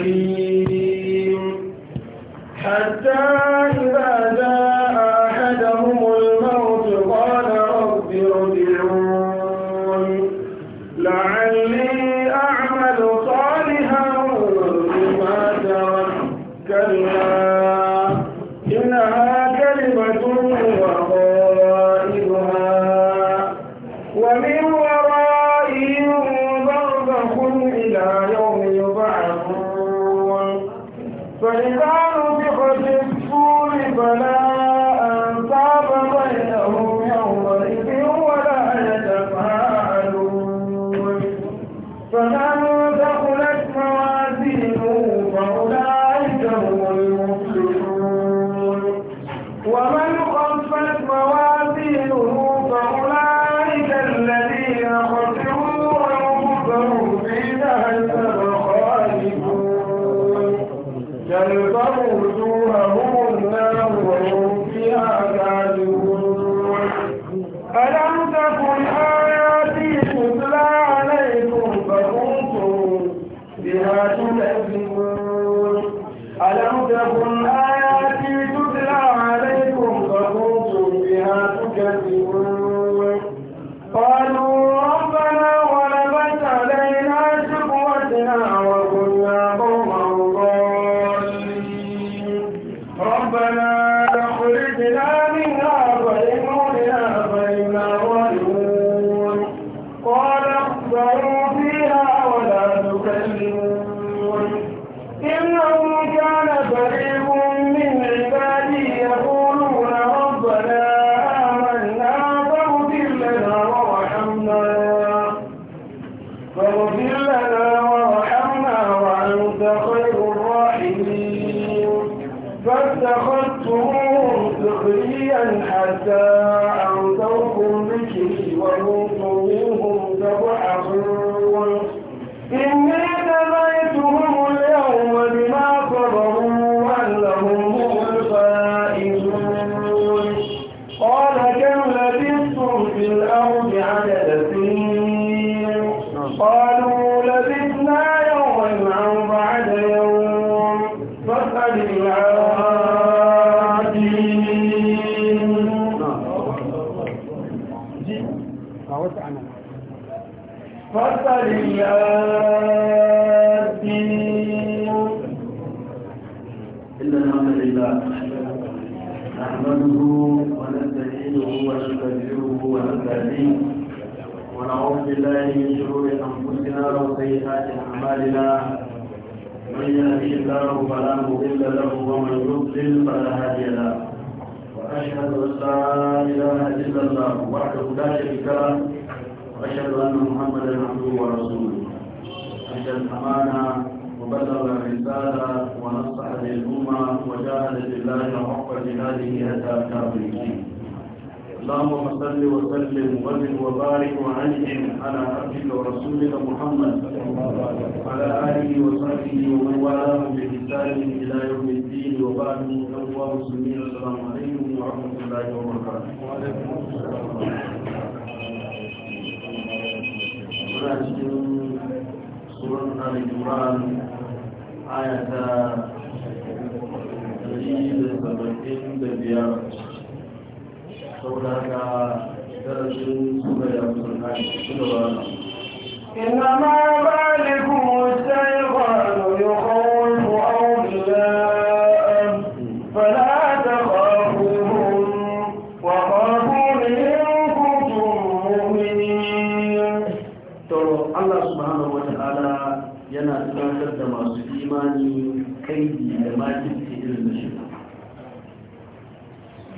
الرحيم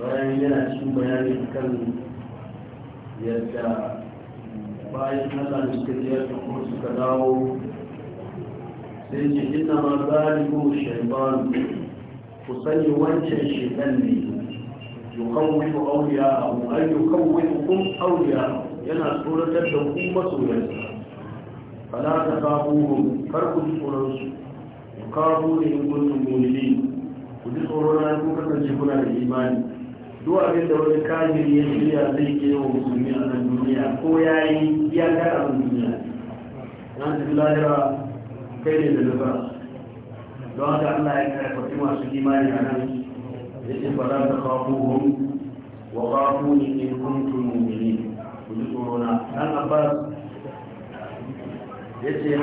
bayan yana cikin bayani kan Allah da suka kuma suka dawo sai ce ina ma ko shaitan ku sani wancan shaitan ne yukawwifu awliya'ahu ay yukawwifukum awliya'ahu yana tsoratar da ku masoyansa fala ta kafuhum kar ku ji tsoron su ku kafu ne in kuntum mu'minin ku ji tsoron na ku kasance kuna da imani duk abin da wani kajin ya shirya zai ke wa musulmi a nan duniya ko ya yi a abin duniya na fi lahira kai ne da nasara don haka allah ya kwafi masu imani a nan ya ce fara ta kafu hun wa kafu ne ke kuntum mu'minin ku ji tsorona dan abbas ya ce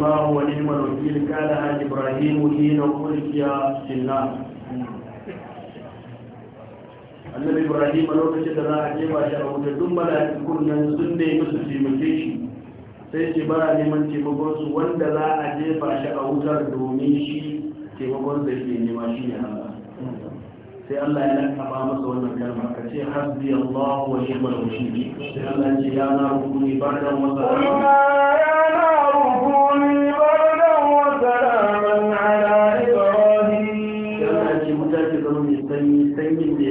ba wa ni'mal wakil kana ibrahim hina kulkiya fil nar annabi ibrahim a lokacin da za a jefa shi a wuta duk mala'ikun nan sun ne musu taimake shi sai ce bara neman taimakon su wanda za a jefa shi a wuta domin shi taimakon da ke nema shi ne Allah sai Allah ya ba masa wannan kalma ka ce hasbi Allah wa ni'mal wakeel sai Allah ya ce ya na rukuni ba da masa ya na rukuni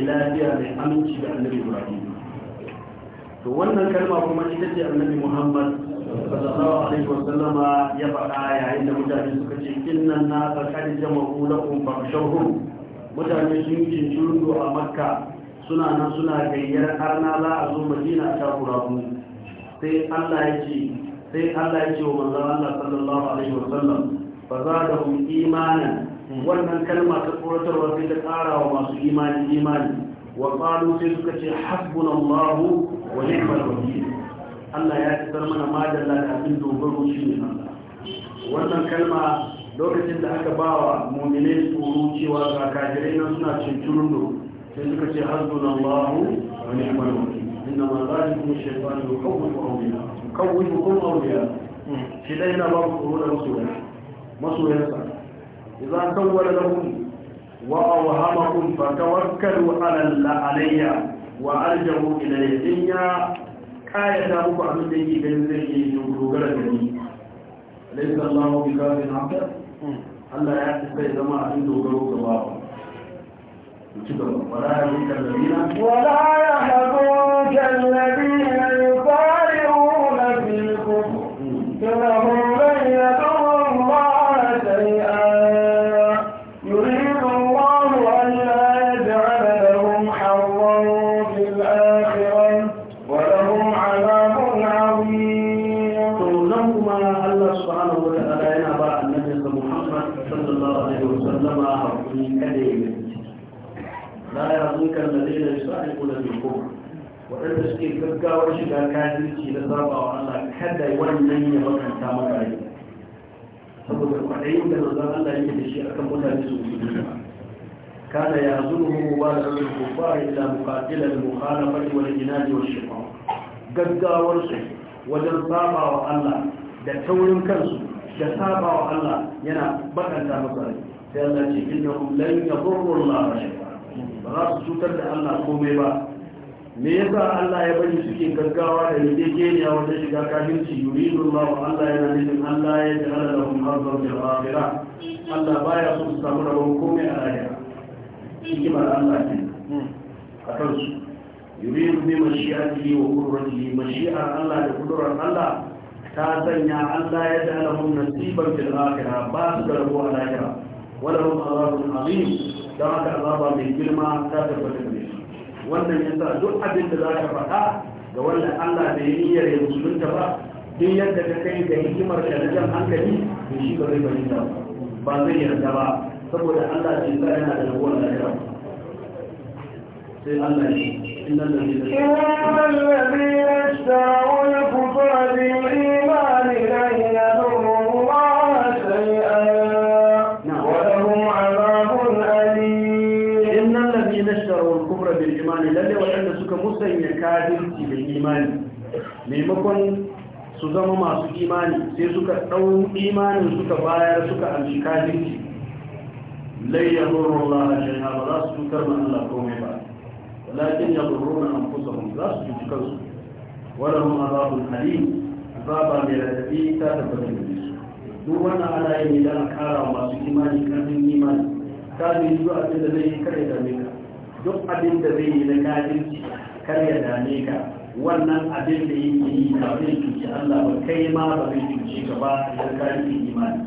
lafiya mai aminci da annabi ibrahim to wannan kalma kuma ita ce annabi muhammad sallallahu alaihi wasallam ya faɗa yayin da mutane suka ce innan na tsakar jama'u lakum famshahum mutane sun yi cincin a makka suna nan suna gayyar arna za a zo madina ta kurabu sai allah ya ce sai allah ya ce wa manzon allah sallallahu alaihi wasallam fa za da imanan wannan kalma ta tsoratarwa sai ta tsara wa masu imani imani wa ƙalu sai suka ce hasbun allahu wa ni'mal wakil allah ya fitar mana madalla da abin dogaro shi ne allah wannan kalma lokacin da aka ba wa muminai tsoro cewa ga kajirai nan suna cincirundo sai suka ce hasbun allahu wa ni'mal wakil inna ma zalikum shaytanu yukawwifu awliya yukawwifukum awliya shi dai na ba ku tsoro da masoyansa masoyansa إذا سول لكم وأوهمكم فتوكلوا على علي وألجوا إلى الدنيا كاية أبوك أبن ديكي بنزيكي يقول لكني ليس الله بكاف عبدا Allah ya fi sai zama abin dogaro ga bawa. Wala ya hukunta lalina? Wala ya hukunta lalina yi fari'una fi kuma. kan mutane su musulmi ba kana ya zurhu mubarak al kufar ila muqatil al mukhalafat wal inad wal shiqaq gaggawar su wajen saba wa Allah da taurin kansu da saba wa Allah yana bakanta musu rai sai Allah ce innahum lan yadurru Allah shay'a ba za su cutar da Allah komai ba me yasa Allah ya bari suke gaggawa da yarjejeniya wajen shiga kafirci yuridu Allah wa Allah yana nufin Allah ya ja'ala lahum harban fil akhirah Allah ya so su samu rabon komai a lahira hikimar Allah ne a kansu yuridu bi mashi'atihi wa mashi a Allah da kudurar Allah ta sanya Allah ya da alamun nasibar fil akira ba su da rabo a lahira wala hum azabun azim da haka azaba mai girma ta da shi wannan yasa duk abin da za ka faɗa ga wanda Allah bai yi niyyar ya musulunta ba duk yadda ka kai ga hikimar da jan hankali to shi ba zai da ba ba zai yarda ba saboda Allah shi ka yana da rabuwar lafiya sai Allah shi wa imani lalle waɗanda suka musanya kafirci da imani maimakon su zama masu imani sai suka ɗau imanin suka bayar suka amshi kafirci lai ya zurru Allah a shayya ba za su cutar ma Allah komai ba walakin ya zurru na amfusa za su cuci kansu wadda mu azabun halim azaba mai radadi ta tabbatar da su duk wannan ana ne don a kara masu imani karfin imani kafin duk abin da zai yi kare dame ka duk abin da zai yi na kafirci kar ya dame ka wannan abin da yake yi ba zai cuci Allah ba kai ma ba zai cuci ka ba idan ka yi imani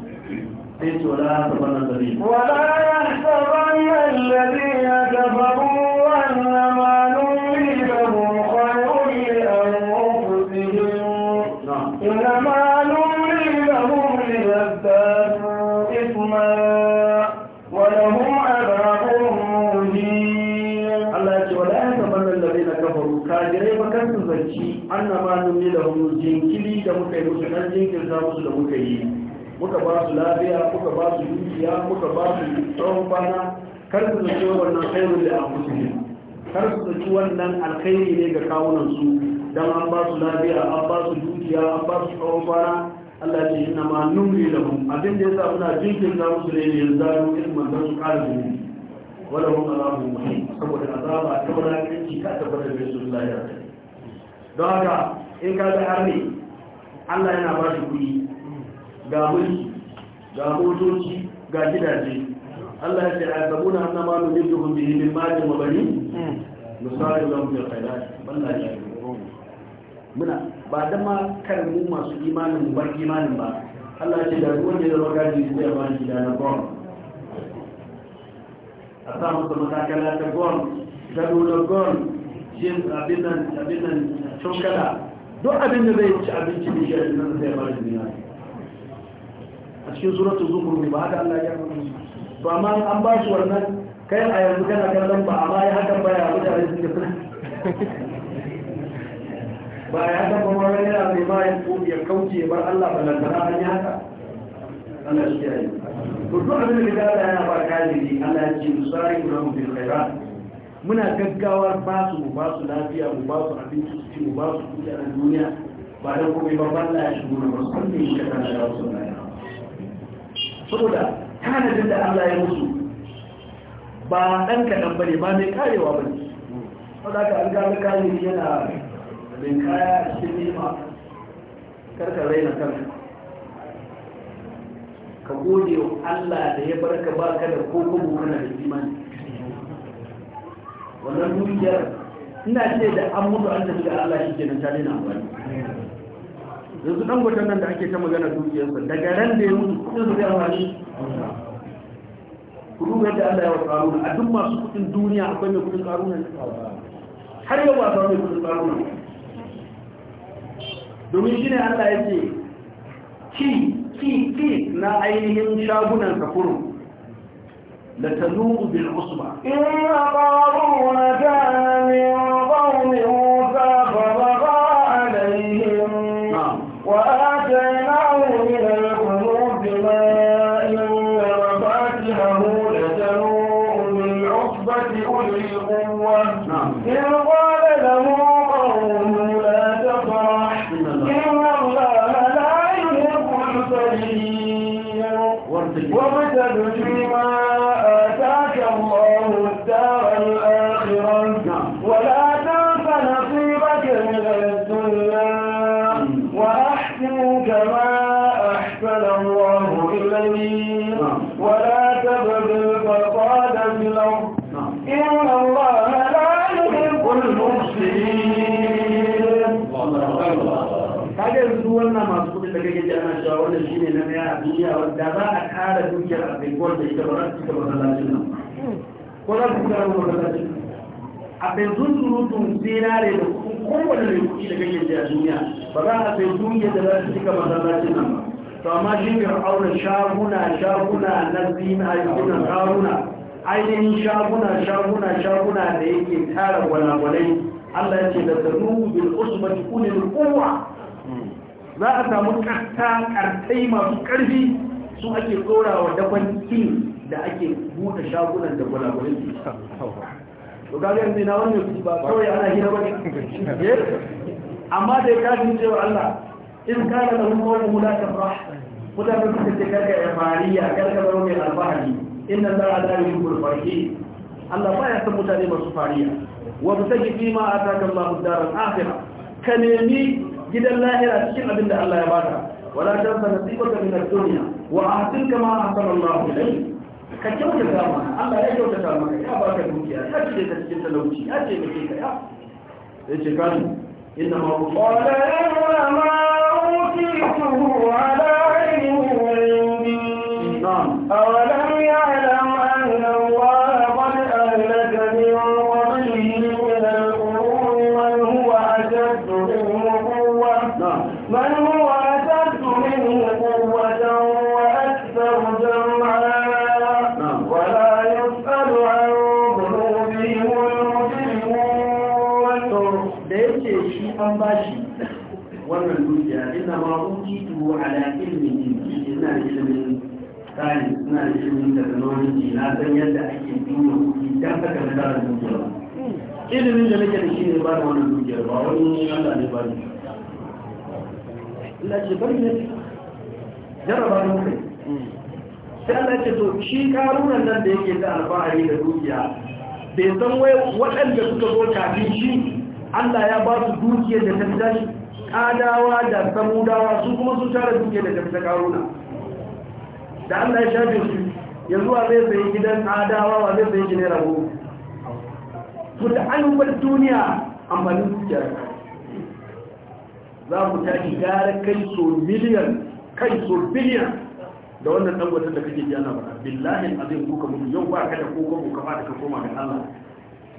sai to la ta bana da ne wala yahsabanna alladhina kafaru jinkiri da muka yi musu dan jinkirta musu da muka yi muka ba su lafiya muka ba su dukiya muka ba su tsawon bana kar su zaci wannan khairun da an musu ne kar su zaci wannan alkhairi ne ga kawunan su dan an ba su lafiya an ba su dukiya an ba su tsawon bana Allah ce inna ma numri mu. abin da yasa muna jinkirta musu ne yanzu da ilmin da su kara zunubi wala hum azabu muhim saboda azaba ta wala kanci ka tabbata da su lahira don haka in ka ga arne Allah yana ba shi kuɗi ga mulki ga motoci ga gidaje Allah ya ce a gabuna hannun nama mu da duhun bihi min malin wa bani misali hmm. lam bi khairat wallahi ya muna ba dan ma kar mu masu imanin mu imanin ba Allah ya ce da ruwan da zama gaji zai ba shi da na gon a sa musu matakala ta gon gado na gon jin abinan nan chokala duk abin da zai ci abinci da shi a cikin zai ya shi dinari a cikin suratul zukhruf ba haka Allah ya faɗa to amma an ba shi wannan kai a yanzu kana kallon ba amma ya haka ba ya mutane cikin fara ba ya haka ba ma yana mai ma ya ko ya kauce ba Allah ba lantana an yi haka Allah shi ya yi to duk abin da ya ba kajiri Allah ya ci musari na mu kai khairat muna gaggawar ba su mu ba su lafiya mu ba su abinci su ci mu ba su kuɗi a duniya ba da komai ba ban la shi mu ba sun ne shi kana da wasu na saboda tanadin da Allah ya musu ba ɗan kaɗan ba ne, ba mai karewa ne. saboda ka an gaba kare yana bin kaya cikin nema karka raina kanka ka gode wa Allah da ya barka ka da ko kuma kana da imani wannan dukiyar ina ce da an mutu an tafi da Allah shi kenan ta daina amfani yanzu dan gwatan nan da ake ta magana dukiyarsa daga ran da ya mutu kudin su zai amfani ku duba yadda Allah ya wa karuna a duk masu kudin duniya akwai mai kudin karuna har yau ba samu mai kudin karuna domin shi ne Allah ya ce ki ki ki na ainihin shagunan kafurin لتنوء بالعصبة إن قارون جاء من قوم da za a kara dukiyar a da ita ba za su cika masallacin nan ko za su cika rabu masallacin a kai zunzurutun zinare da kowane mai kuɗi da kake jiya duniya ba za a kai dukiyar da za su cika masallacin nan ba to amma shi aure shaguna shaguna na zina yankunan karuna ainihin shaguna shaguna shaguna da yake tara gwalagwalai allah ya ce da zanu bil usmati kulil quwwa za a samu karta kartai masu karfi su ake tsorawa dakon kin da ake buɗe shagunan da gwalagwalin su to ga yanzu na wannan su ba kawai ana hira ba ne eh? amma da ya kafin cewa Allah in kana da hukumar mulatan ba da suka ce karka ya fariya karka zama mai alfahari inda za a zai yi gurfarki Allah ba ya san mutane masu fariya wa bi sake fi ma ataka Allah daral akhirah ka nemi gidan lahira cikin abin da Allah ya bata. wala tansa nasibaka min ad-dunya wa atin kama ahsana Allahu ilayk ka kyautata ma Allah ya kyautata maka ya baka dukiya ya ce ka cikin talauci ya ce ka ke ka ya yace kan inna ma qala ya ma utitu ala ilmin na'am awala na tara dukiya ba ilimin da nake da shi ne ba da wani dukiyar ba wani Allah ne ba ni Allah ce bari ne jarraba ne kai sai Allah ce to shi karunan nan da yake da alfahari da dukiya bai san wai waɗanda suka zo kafin shi Allah ya ba su dukiyar da ta fita shi kadawa da samudawa su kuma sun tara dukiyar da ta fita karuna da Allah ya shafe su yanzu a zai sayi gidan adawa wa zai sayi gidan rago ku da an bar duniya amfanin dukiyar za ku tashi gara kai so miliyan kai so biliyan da wannan dangwatan da kake ji ana ba billahi azim kuka mutu yau ba ka da koko ko kafa da ka koma ga Allah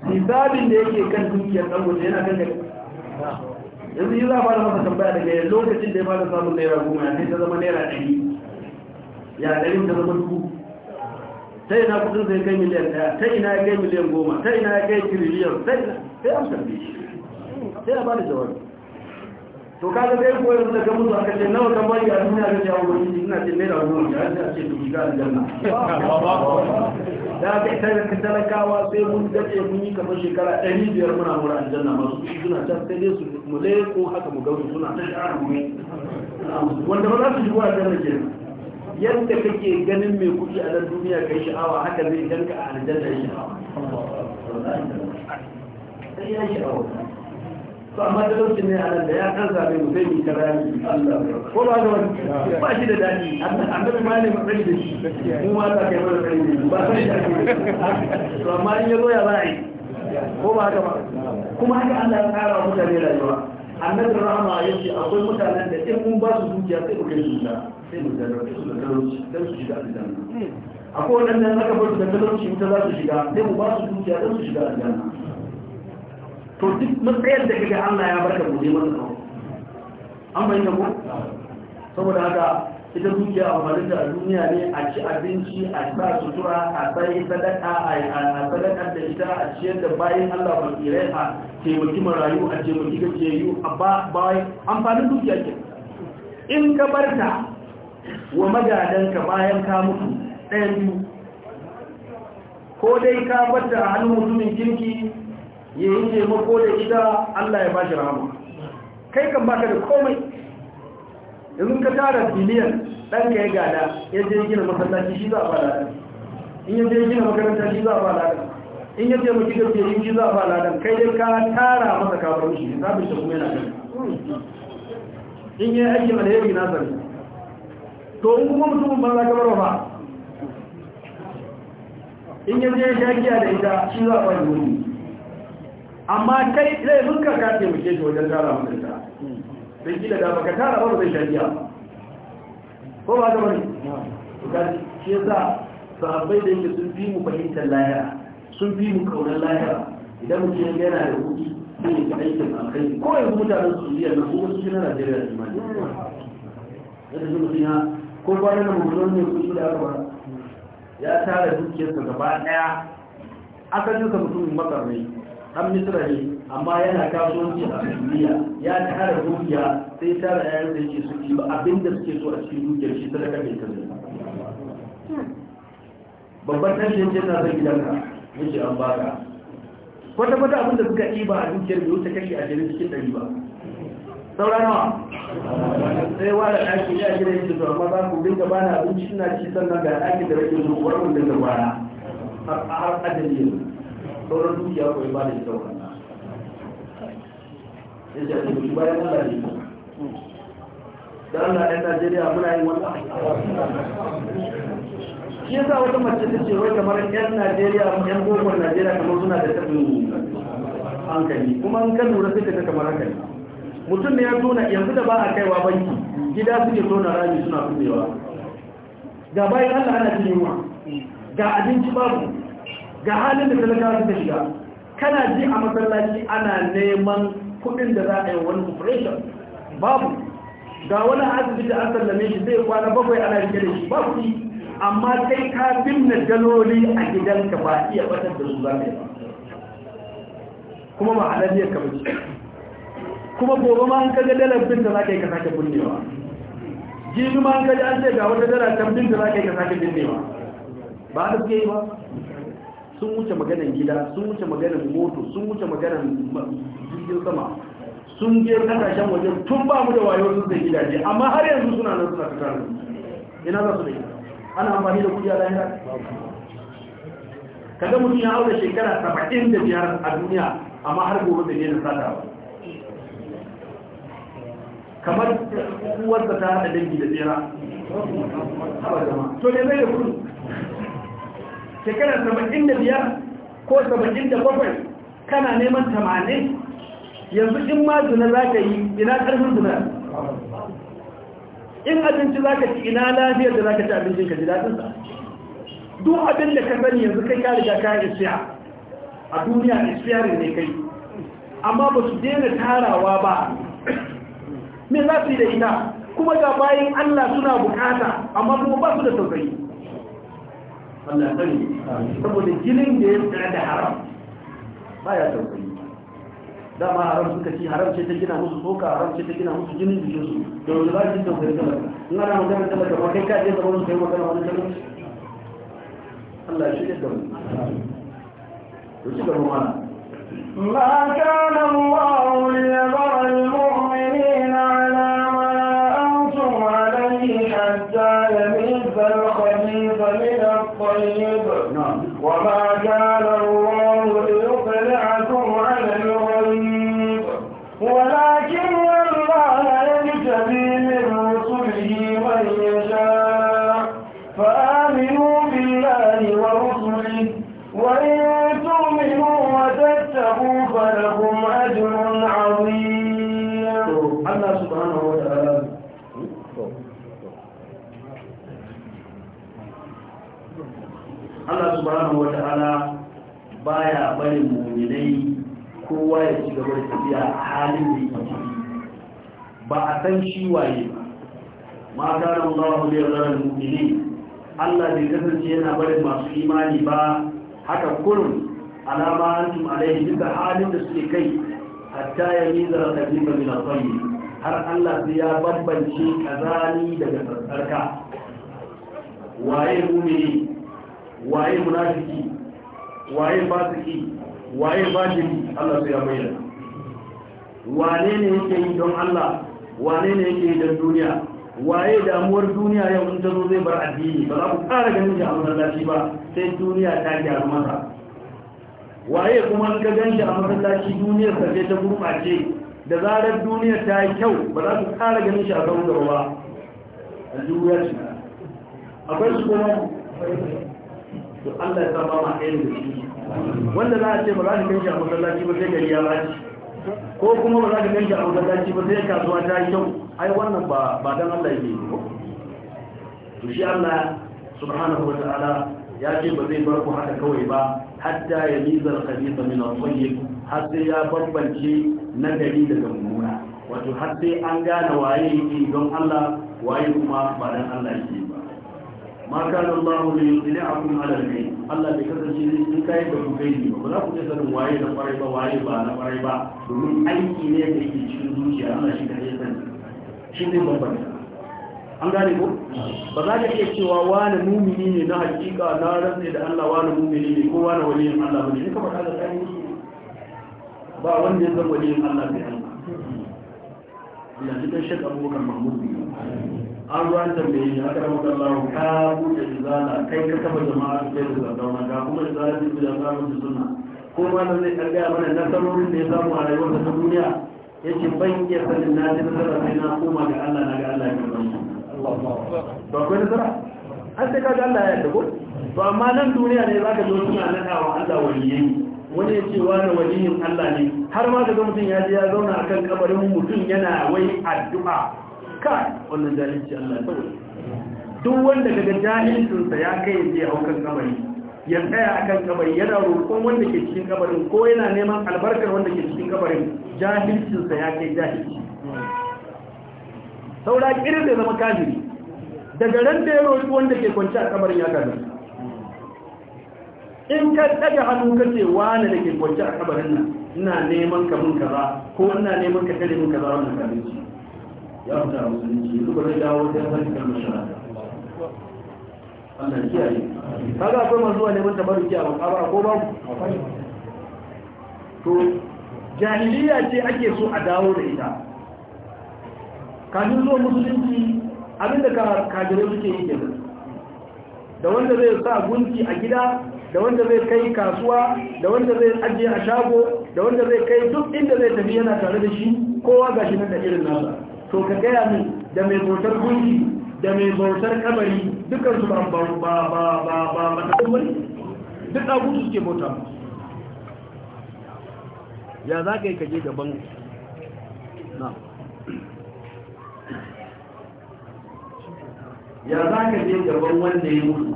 hisabin da yake kan dukiyar dangwatan yana kan yanzu yi za a fara masa tambaya daga yanzu lokacin da ya fara samun naira goma ya ta zama naira ɗari ya ɗari ta zama dubu ta ina kudin zai kai miliyan daya ta ina ya kai miliyan goma ta ina ya kai tiriliyan ta ina sai an shi sai a ba da jawabi to ka ga ko yanzu da mutu zuwa kashe nawa kan bari a duniya ga jawo wani ina ce naira goma da ya ce to ga aljanna da ka ita ka talakawa sai mun gace mun yi kamar shekara ɗari biyar muna mura aljanna masu su suna can sai dai su mu ko haka mu gauru suna ta shi shara mu wanda ba za su shigo aljanna kenan yadda kake ganin mai kuɗi a nan duniya kai sha'awa haka zai ganka a aljanna ya sha'awa sai ya sha'awa to amma da lokacin ne a nan da ya kan zabe mu zai yi karami ko ba da wani ba shi da daɗi annabi ma ne matsari da shi mu ma ta kai mana kai ne ba sai da shi to amma in ya zo ya za yi ko ba haka ba kuma haka Allah ya tsara mutane rayuwa annabi rahama ya ce akwai mutanen da in mun ba su dukiya sai mu kai su da sai mu da su da talauci dan su shiga aljanna akwai waɗanda na aka bar su da talauci wuta za su shiga sai mu ba su dukiya dan su shiga aljanna to duk matsayar da kaga Allah ya barka mu ne masa an bayyana ko saboda haka ita dukiya amfani da a duniya ne a ci abinci a sa sutura a sai sadaka a sadaka da ita a ciyar da bayan Allah ba tsire a taimaki marayu a taimaki ga ke yi a bayan amfanin dukiya ke in ka barta wa wa ka bayan ka mutu ɗayan biyu ko dai ka bar a hannun mutumin kirki ya yi taimako da ita Allah ya bashi rahama kai kan baka da komai yanzu ka tara biliyan ɗanka ya gada ya je gina masallaci shi za a fada ɗan in ya je gina makaranta shi za a fada ɗan in ya taimaki da fiye shi za a fada ɗan kai dai ka tara masa kafin shi zabin shi kuma yana gani in ya yi aikin alheri gina zari to in kuma mutumin ba za ka bar ba in ya je shakiya da ita shi za a fada wuri amma kai zai zuka ka taimake shi wajen tara makaranta don kila da baka tara ba zai shakiya ko ba da wani da shi yasa sahabbai da yake sun fi mu fahimtar lahira sun fi mu kaunar lahira idan mutum yana da kuɗi sai ya aikin alkhairi ko yanzu mutanen Saudiya na kuma su na Najeriya da Jimani yadda su mutum ya ko kwanan da mutum ne kuɗi da aka ya tara dukiyarsa gaba ɗaya asalin sa mutumin makar an misra ne amma yana kasuwanci a duniya ya tara dukiya sai tara yayin da yake suke ba abinda suke so a cikin dukiyar shi sadaka bai ta zai babban tashi yake na zai gidanka yake an baka kwata kwata abinda suka ɗiba a dukiyar bai wuce kashi ashirin cikin ɗari ba saura nawa sai wala ɗaki ya gina yake zuwa amma za ku dinga bana abinci na ci sannan ga ɗaki da rage zuwa wani dinga bana har ajali yanzu sauran dukiya ko ba da ita ya ce ku shi bayan Allah ne da Allah ɗan Najeriya muna yin wannan shi yasa wata mace ta ce wai kamar yan Najeriya yan gogon Najeriya kamar suna da tabin hankali kuma an kan lura suka ta kamar hankali mutum ne ya tona yanzu da ba a kaiwa banki gida suke tona rami suna kubewa ga bayan Allah ana jin yunwa ga abinci babu ga halin da talakawa suka shiga kana ji a masallaci ana neman kudin da za a yi wani operation babu ga wani asibiti da an sallame shi zai kwana bakwai ana rike da shi babu amma kai ka binne daloli a gidanka ba iya batar da su za ka kuma ba kuma ma'anar yin kamar kuma gobe ma an kaga dalar bin da za ka yi ka sake binnewa jibi ma an kaji an ce ga wata dala tambin da za ka yi ka sake binnewa ba da suke yi ba sun wuce maganin gida sun wuce maganin moto sun wuce maganin jirgin sama sun je kasashen waje tun ba mu da wayo sun sai gidaje amma har yanzu suna nan suna fitar ina za su da ana amfani da kudi a lahira kaga mutum ya aure shekara saba'in da biyar a duniya amma har gobe da ne sata ba kamar uwarsa ta haɗa dangi da tsira to ne zai da kudu shekara saba'in da biyar ko saba'in da bakwai kana neman tamanin yanzu in ma zuna za ka yi ina ƙarfin zuna in abinci za ka ci ina lafiyar da za ka ci abincin ka ji sa? duk abin da ka sani yanzu kai ka riga ka isiya a duniya isiya ne kai amma ba su daina tarawa ba me za su yi da ita kuma ga bayan allah suna bukata amma kuma ba su da tausayi Allah ya sani saboda jinin da ya tsira da haram ba ya tausayi dama haram suka ci haram ce ta gina musu haram ce ta gina musu jinin da wani shi in ana magana zama wani Allah da to shi mana Allah خبيث من الطيب وما جعله saboda tafiya a halin da ya ciki ba a san shi waye ba ma ta ran Allah da yaran mu'mini Allah bai kasance yana barin masu imani ba haka kullum alama antum alaihi duka halin da suke kai hatta ya yi zara tafi ba al-qayyi har Allah sai ya bambance kazani daga tsarka waye mu'mini waye munafiki waye fasiki waye bajiri Allah sai ya bayyana wane ne yake yi don Allah wane ne yake yi don duniya waye damuwar duniya yau in tazo zai bar addini ba za ku ƙara ganin shi a masallaci ba sai duniya ta gyaru masa waye kuma in ka gan shi a masallaci duniyar sa ta gurɓace da zarar duniya ta yi kyau ba za ku ƙara ganin shi a kan gaba ba a duniya ce akwai su kuma to Allah ya sa ba ma ɗaya da shi wanda za a ce ba za ka gan shi a masallaci ba sai gari ya shi ko kuma ba za ka ganta a masallaci ba sai kasuwa ta yi kyau ai wannan ba ba dan Allah yake ko to shi Allah subhanahu wa ta'ala ya ce ba zai bar ku haka kawai ba hatta ya miza al-khabitha min al-tayyib har sai ya bambance nagari daga mummuna wato har sai an gane waye yake don Allah waye kuma ba dan Allah yake ba ma kan Allah ne a ala al ne Allah bai kasance ne in kai da ku gaibi ba za ku je sanin waye na kwarai ba waye ba na kwarai ba domin aiki ne da yake cikin zuciya Allah shi kadai sani shi ne babban an gane ko ba za ka iya cewa wani mumini ne na hakika na rantsa da Allah wani mumini ne ko wani waliyin Allah bane ne kamar kaga tsari ba wanda ya wani waliyin Allah bai Allah Allah ne kan shakka Abubakar Mahmud bin an ruwan tambaye shi aka rama kallahu ka buɗe izala kai ka kafa jama'a su kai da zargauna ga kuma izala su da samun da suna ko ma nan zai karɓi mana na nasarorin da ya samu a rayuwar ta duniya ya ce ban iya sanin na ji nasara sai na koma ga allah na ga allah ya karɓi ba akwai nasara an sai ga allah ya dago to amma nan duniya ne za ka zo suna naɗa wa allah waliyayi wani ce wani waliyin allah ne har ma ka ga mutum ya je ya zauna akan kabarin mutum yana wai addu'a ka wannan jahilci Allah ya sauke duk wanda daga jahilcinsa ya kai ya je haukan kamari ya tsaya a kan kabari yana roƙon wanda ke cikin kabarin ko yana neman albarkar wanda ke cikin kabarin jahilcinsa ya kai jahilci saura irin da zama kafiri daga ran da ya roƙi wanda ke kwanci a kabarin ya kafiri in ka ɗaga hannu ka ce wani da ke kwanci a kabarin nan ina neman ka mun kaza ko ina neman ka kare mun kaza wannan kafirci ya fita musulunci yanzu bari dawo ta yasa cikin mashahada Allah kiyaye kaga akwai masu zuwa neman tabaruki a makabara ko babu to jahiliya ce ake so a dawo da ita kafin zuwa musulunci abinda kajirai suke yi ke da wanda zai sa gunki a gida da wanda zai kai kasuwa da wanda zai ajiye a shago da wanda zai kai duk inda zai tafi yana tare da shi kowa shi nan da irin nasa to ka gaya min da mai bautar gunki da mai bautar kabari dukkan su ba ba ba ba ba ba ba duk abu suke bauta ya za ka yi kaje gaban na ya za ka je gaban wanda ya mutu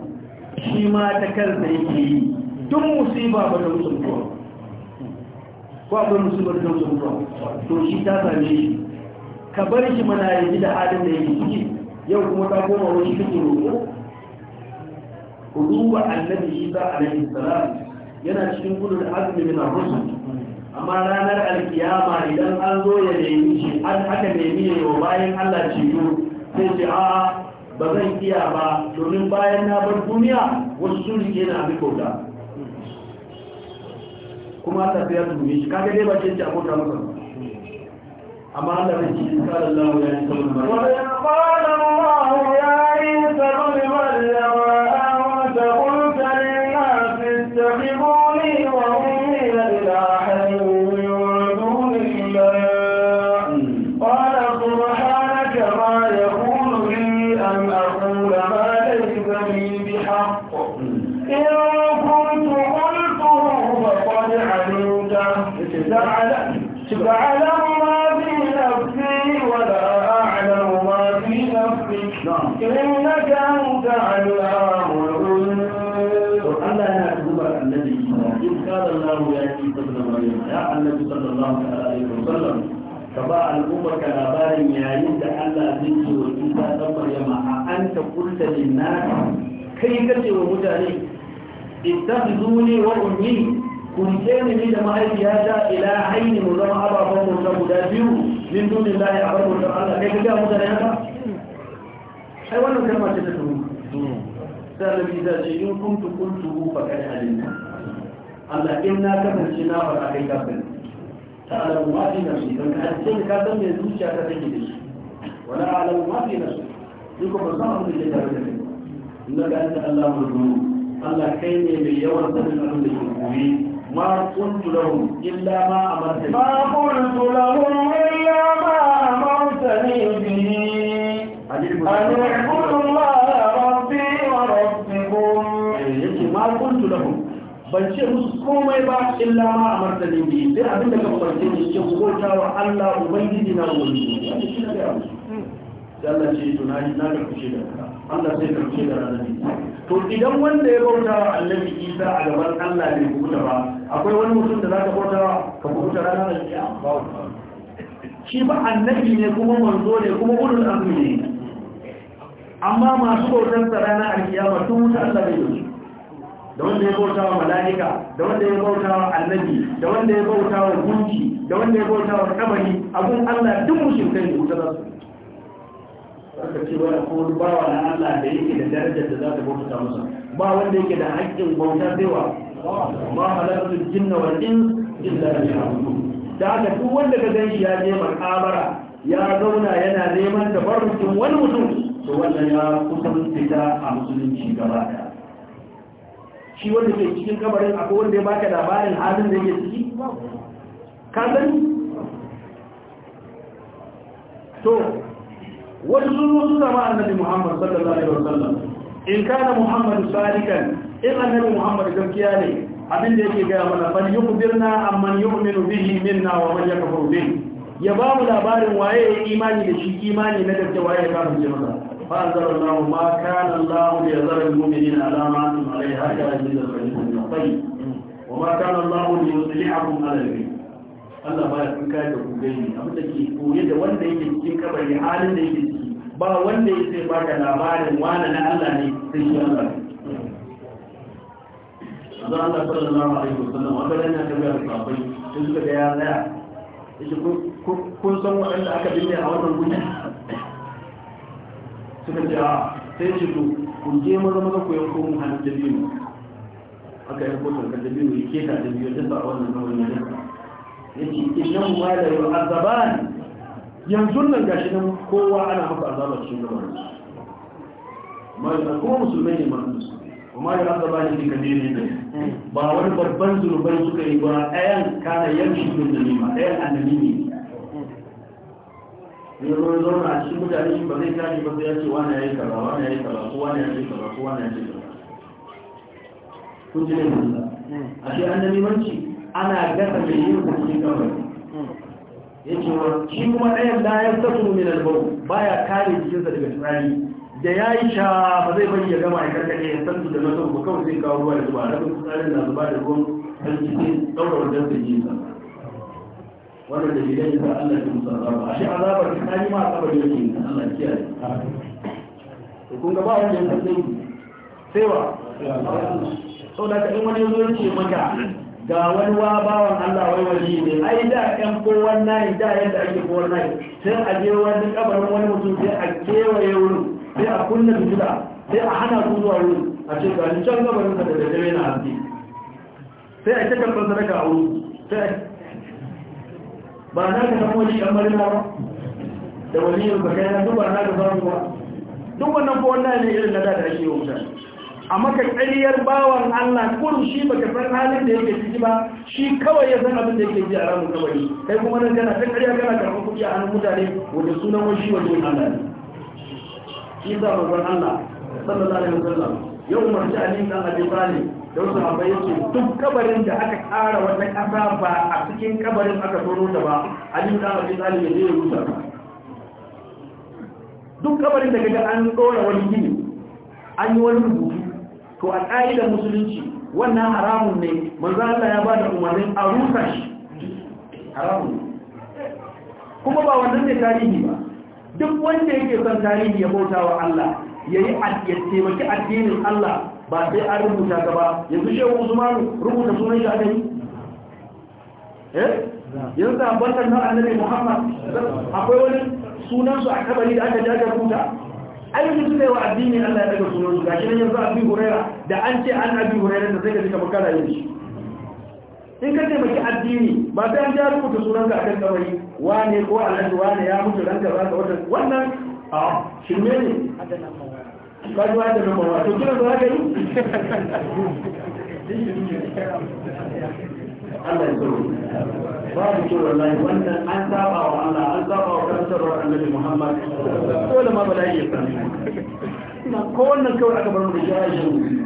shi ma ta kansa yake yi tun musiba ba ta mutu mutuwa ko akwai ba ta mutu mutuwa to shi ta same shi ka bar shi mana ya ji da halin da yake ciki yau kuma ta koma wani kake roƙo ku duba annabi isa alaihi salam yana cikin gudu da azumi min ar-rusul amma ranar alkiyama idan an zo ya nemi shi an aka nemi ya yi bayan Allah ciyo sai ce a'a ba zan iya ba domin bayan na bar duniya wasu sun rike na abin kuma ta fiye su shi kaga dai ba ce ce abota masa ba amma Allah ne shi sallallahu alaihi wasallam wa qala Allah ya isa ibn maryam إنك أنت Allah yana duba annabi Isa kada ya Maryam ya ka ba al'ummar ka labarin yayin da Allah zai ce wa Isa dan Maryam a an ta lin-nas kai kace wa mutane ittakhizuni wa ummi kun tsene ni da mahaifiyata ila haini mu zama ababen mu guda biyu min a ababen da Allah kai ka mutane haka ai wannan kalma ce ta turu hmm. sai da ce in kuntu kuntu fa kad alimta Allah in na kasance na fara kai kafin ta alamu ma fi nafsi don ka ce ka san me zuciya ta take da shi Wani alamu ma fi nafsi duk ba san abin da ke tare da kai inna ka anta Allah mulku Allah kai ne mai yawan sanin abin da ke koyi ma kuntu lahum illa ma amarta ma kuntu lahum illa ma أن اعبدوا الله ربي وربكم يجي ما قلت لهم ban ce musu komai ba illa ma a martani ne sai abin da ka farce ne ce kota wa Allah ubangiji na ubangiji da Allah ce to na na da kushe da Allah sai ka kushe da ranar to idan wanda ya bauta wa Annabi Isa a gaban Allah bai kubuta ba akwai wani mutum da zaka bauta ka kubuta ranar da shi ba annabi ne kuma manzo ne kuma ulul amri ne amma masu bautar sa rana alkiyama tun wuta Allah bai yi da wanda ya bauta wa malalika, da wanda ya bauta wa annabi da wanda ya bauta wa gunki da wanda ya bauta wa kabari abun Allah duk mushrikai ne wuta za su ka ce wani ko bawa na Allah da yake da darajar da za ta bauta masa ba wanda yake da haƙƙin bauta sai wa ma halartul jinna wal ins illa bi da aka duk wanda ka ganshi ya je makabara ya zauna yana neman tabarrukin wani mutum to wannan ya kusan fita a musulunci gaba daya shi wanda ke cikin kabarin akwai wanda ya baka labarin halin da yake ciki ka sani to wasu sun wasu zama annabi muhammad sallallahu alaihi wasallam in kana muhammad sadikan in annabi muhammad gaskiya ne abin da yake gaya mana fal yukbirna amman yu'minu bihi minna wa man yakfuru bihi ya ba mu labarin waye ya imani da shi imani na gaske waye ya kafirce maka? فأنزل الله ما كان الله ليذر المؤمنين على ما أنتم عليه حتى يميز الخبيث من وما كان الله ليطلعكم على الغيب Allah ba ya kun kai da kugai ne abin da ke koye da wanda yake cikin kabari halin da yake ciki ba wanda ya sai baka labarin wani na Allah ne sai shi Allah Allah Allah sallallahu alaihi wasallam wanda yana tabbata da sabai sai suka ga ya tsaya yake kun san waɗanda aka binne a wannan gudu suka ce a ah, sai ce to ku je maza maza ku yanko mu hannun dabino aka yi yanko tankar dabino ya keta dabino ta sa wannan zaman ne nasa ya ce idan mu ma da yau ne yanzu nan gashi nan kowa ana maka azabar cikin amma yana kuma musulmai ne masu su kuma ya rasa ba ka ne ne eh. ba wani babban zurubai suka yi ba ɗayan kana yanki da nima ɗayan annabi ne ya zo zauna a cikin mutane shi ba zai tashi ba sai ya ce wani ya yi kaza wani ya yi kaza ko wani ya yi kaza ko wani ya yi kaza kun ji ne musa hmm. a shi an manci ana gasa mai yin kuɗi kamar hmm. ya ce wa shi kuma ɗayan da ya sasu min albau baya kare jikinsa daga tsari da ya yi sha ba zai bari ya gama ya karkace ya san su da nasaru ba kawai zai kawo ruwa da zuba rabin tsarin na zuba da ruwan ɗan cikin ɗaukar wajen da yi sa wanda da gidan da Allah ya musa azaba ashe azabar ta yi ma azabar da yake nan Allah kiyaye to kun ga ba wanda ya san sai wa so da ka in wani yazo ya ce maka ga wani wa bawan Allah wai wani ne ai da ɗan kowan nayi da yadda ake kowan nayi sai a je wani kabarin wani mutum sai a kewaye wurin sai a kunna bijira sai a hana ku zuwa wurin a ce ga ni can kabarin da da dare na hanti sai a cikin sadaka a wurin sai ba za ka samu wani ɗan marina ba da wani yin baka yana duk ba da ka samu ba duk wannan ko wannan ne irin na da ake yi wa mutane amma ka tsariyar bawan Allah kurum shi ba baka san halin da yake ciki ba shi kawai ya san abin da yake ji a ranar kabari kai kuma nan kana san ƙarya kana karɓar kuɗi a hannun mutane wanda sunan wani shi wani Allah ne shi za mu san Allah sallallahu alaihi wasallam yau umarci Ali dan Abi Talib don su haɓa yake duk kabarin da aka ƙara wata ƙasa ba a cikin kabarin aka tono da ba a yi da abin tsali ya zai rusa duk kabarin da gaga an ɗora wani gini an yi wani rubutu to a da musulunci wannan haramun ne manzo Allah ya ba da umarnin a rusa shi haramun kuma ba wannan ne tarihi ba duk wanda yake son tarihi ya bauta wa Allah yayi ya taimaki addinin Allah ba sai an rubuta ka ba yanzu shehu Usman rubuta sunan shi aka yi eh yanzu a bantan nan annabi muhammad akwai wani sunan su a kabari da aka jaga rubuta ai su ne wa addinin Allah ya daga sunan su gashi nan yanzu abi huraira da an ce an abi huraira da sai ka jika makara yin shi in ka taimaki addini ba sai an ja rubuta sunanka a kan kabari wane ko alhaji wane ya mutu ranka ranka ka wannan a shirme ne ba zuwa da nan mawa to kira zuwa ga yi Allah ya babu ce wallahi wannan an saba wa Allah an saba wa karantarwar annabi Muhammad dole ma bala'i ya sami na kowannan kawai aka bar mu da shi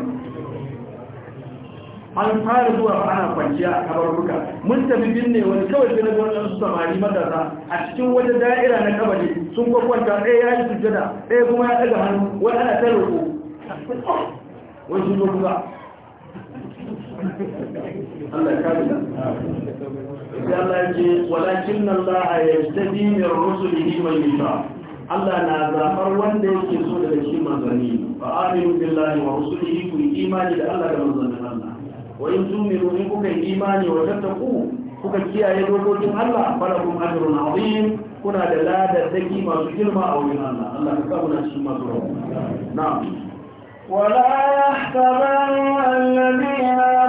an fara zuwa ana kwanciya a kabarruka mun tafi binne wani kawai sai na gwamnan su samari matasa a cikin wata da'ira na kabari sun kwakwanta ɗaya ya yi sujjada ɗaya kuma ya ɗaga hannu wani ana ta roƙo wani sun zo kusa Allah ya kaɗu da Allah ya ce walakin nan za a yastabi min rusulihi man yasha Allah na zafar wanda yake so daga cikin manzanni fa aminu billahi wa rusulihi ku imani da Allah da manzannin Allah wa in tu'minu in kuka yi imani wa tattaku kuka kiyaye dokokin Allah kun falakum ajrun azim kuna da ladar daki masu girma a wurin Allah Allah ka kawo na cikin masu rawa na'am wala yahtaban alladhina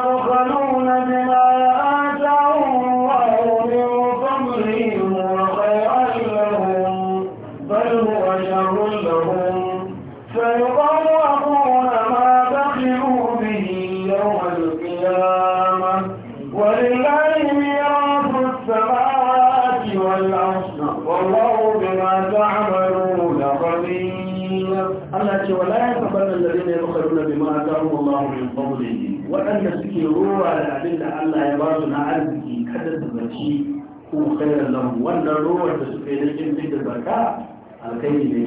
min fadlihi waɗanda suke ruwa da abin da Allah ya ba su na arziki kada su zaci ko khairan lambu wannan ruwan da suka yi na jin da zakka alkhairi ne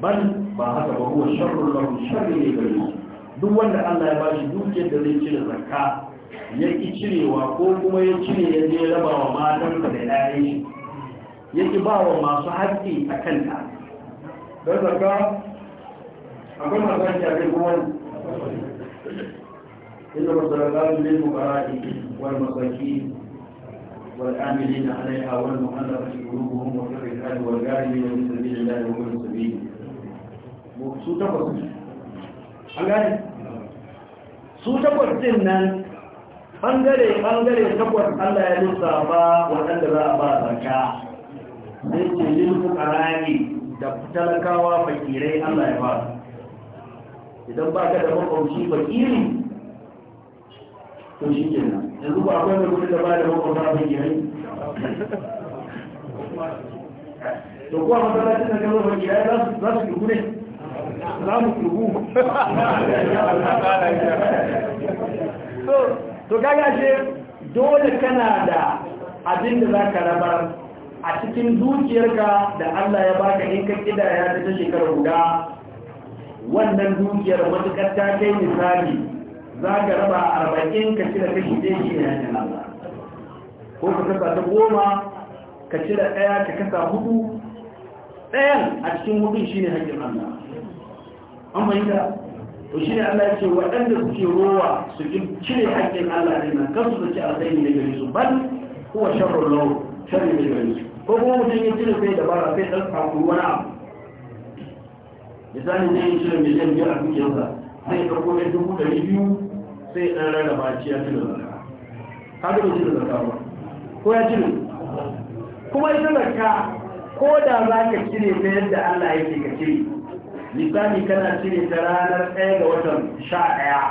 ban ba haka ba huwa sharrun lahu sharri ne gare su duk wanda Allah ya ba shi dukiyar da zai cire zakka ya ki cirewa ko kuma ya cire ya je raba wa matan da ƴaƴan shi ya ki ba wa masu haƙƙi a kanta don zakka akwai masu haƙƙi a kai kuma إنما الصدقات للفقراء والمساكين والعاملين عليها والمؤلفة قلوبهم وفي الركاب والغالبين من سبيل الله ومن السبيل su takwas an gane su takwas din nan ɓangare-ɓangare takwas allah ya nusa ba waɗanda za a ba zarka zai ce yin fukarari da talakawa fakirai allah ya ba su idan ba ka da makwabci fakiri to shi ke nan yanzu ba akwai mai kudi da ba da makwabci ba ke yi to kuwa masallacin da kan zama ya za su kirgu ne za mu kirgu to gaga ce dole kana da abin da za ka rabar a cikin dukiyarka da Allah ya baka in ka kidaya ta shekara guda wannan dukiyar matukar ta kai misali za ka raba arba'in ka cire kashi ɗaya shi ne hanyar Allah ko ka kasa ta goma ka cire ɗaya ka kasa hudu ɗayan a cikin hudun shi ne hanyar Allah an bayyana to shi ne Allah ya ce waɗanda suke rowa su cire haƙƙin Allah ne nan kan su ci alkhairi da gare su bal huwa sharrul lau sharri da su ko kuma mutum ya cire sai dabara sai dan samu wani abu misalin zai yi shirin miliyan biyar a dukiyarsa sai ya ɗauko ɗan dubu ɗari biyu sai ya rana ba shi ya da zarka ka ga bai da zarka ba ko ya cire kuma ita zarka ko da za ka cire ta yadda Allah yake ka cire misali kana cire ta ranar ɗaya ga watan sha ɗaya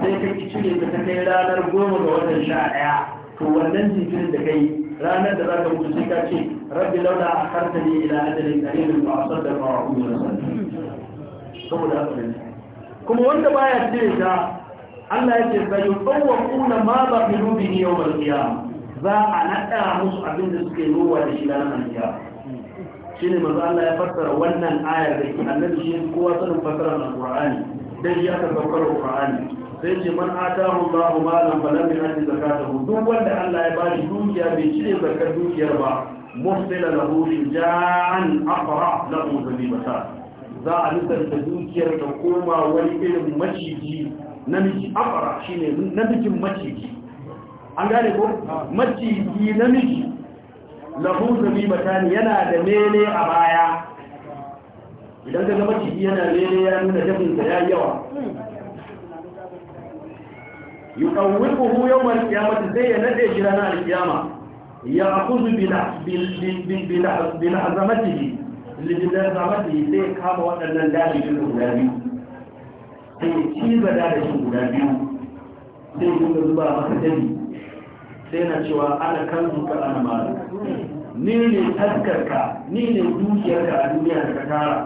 sai ka cire ta ta kai ranar goma ga watan sha ɗaya to wannan jinkirin da kai ranar da za ka mutu sai ka ce rabbi launa a kartani ila ajalin ƙaribin ba a sadar ba wa umar saboda kuma wanda baya cire ta Allah yake sayo tsawwakuna ma ba fi rubihi yawmal qiyam za a nada musu abin da suke rowa da shi ranar qiyam shine manzo Allah ya fassara wannan ayar da ke annabi shi kowa sanin fassara Al-Qur'ani dan shi aka saukar qurani sai ce man atahu Allahu malan falam yu'ti zakatahu duk wanda Allah ya bashi dukiya bai cire zakar dukiyar ba muhsila lahu shuja'an aqra lahu dhabibatan za a nisanta dukiyar da koma wani irin maciji namiji afara shine namijin maciji an gane ko maciji namiji lahu zabi batani yana da mele a baya idan ka ga maciji yana mele ya nuna dafinsa ya yawa kuhu yau al kiyamata zai yana ɗaya shi rana alkiyama ya akuzu bi na bi bi bi lijinar zamani sai kama waɗannan dalibin guda biyu sai ya ciza dalibin guda biyu sai yi ga zuba masa dali sai na cewa ana kan zuka ana mara ni ne taskarka ni ne dukiyarka a duniya da ka tara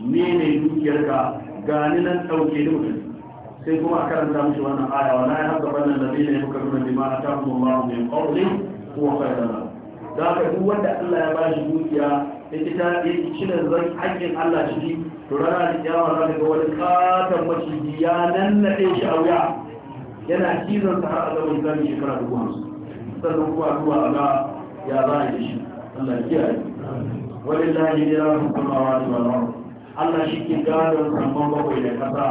ni ne dukiyarka ga ni nan ɗauke da mutum sai kuma a karanta mushi wannan aya wala ya haka bannan da zai ne muka nuna bima a tafi mu ma'u mai ƙaunin ko kai da za ka duk wanda Allah ya ba shi dukiya Likita ya yi cire zan hakkin Allah shi to rana da yawa za ga wani katon maciji ya nannaɗe shi a wuya yana cizon sa har a zaman zami shekara da hamsin sannan kuwa zuwa a ga ya za a yi shi Allah ya kiyaye wani lahi ne ranar kumawa da walwar Allah shi ke gadon samman bakwai da kasa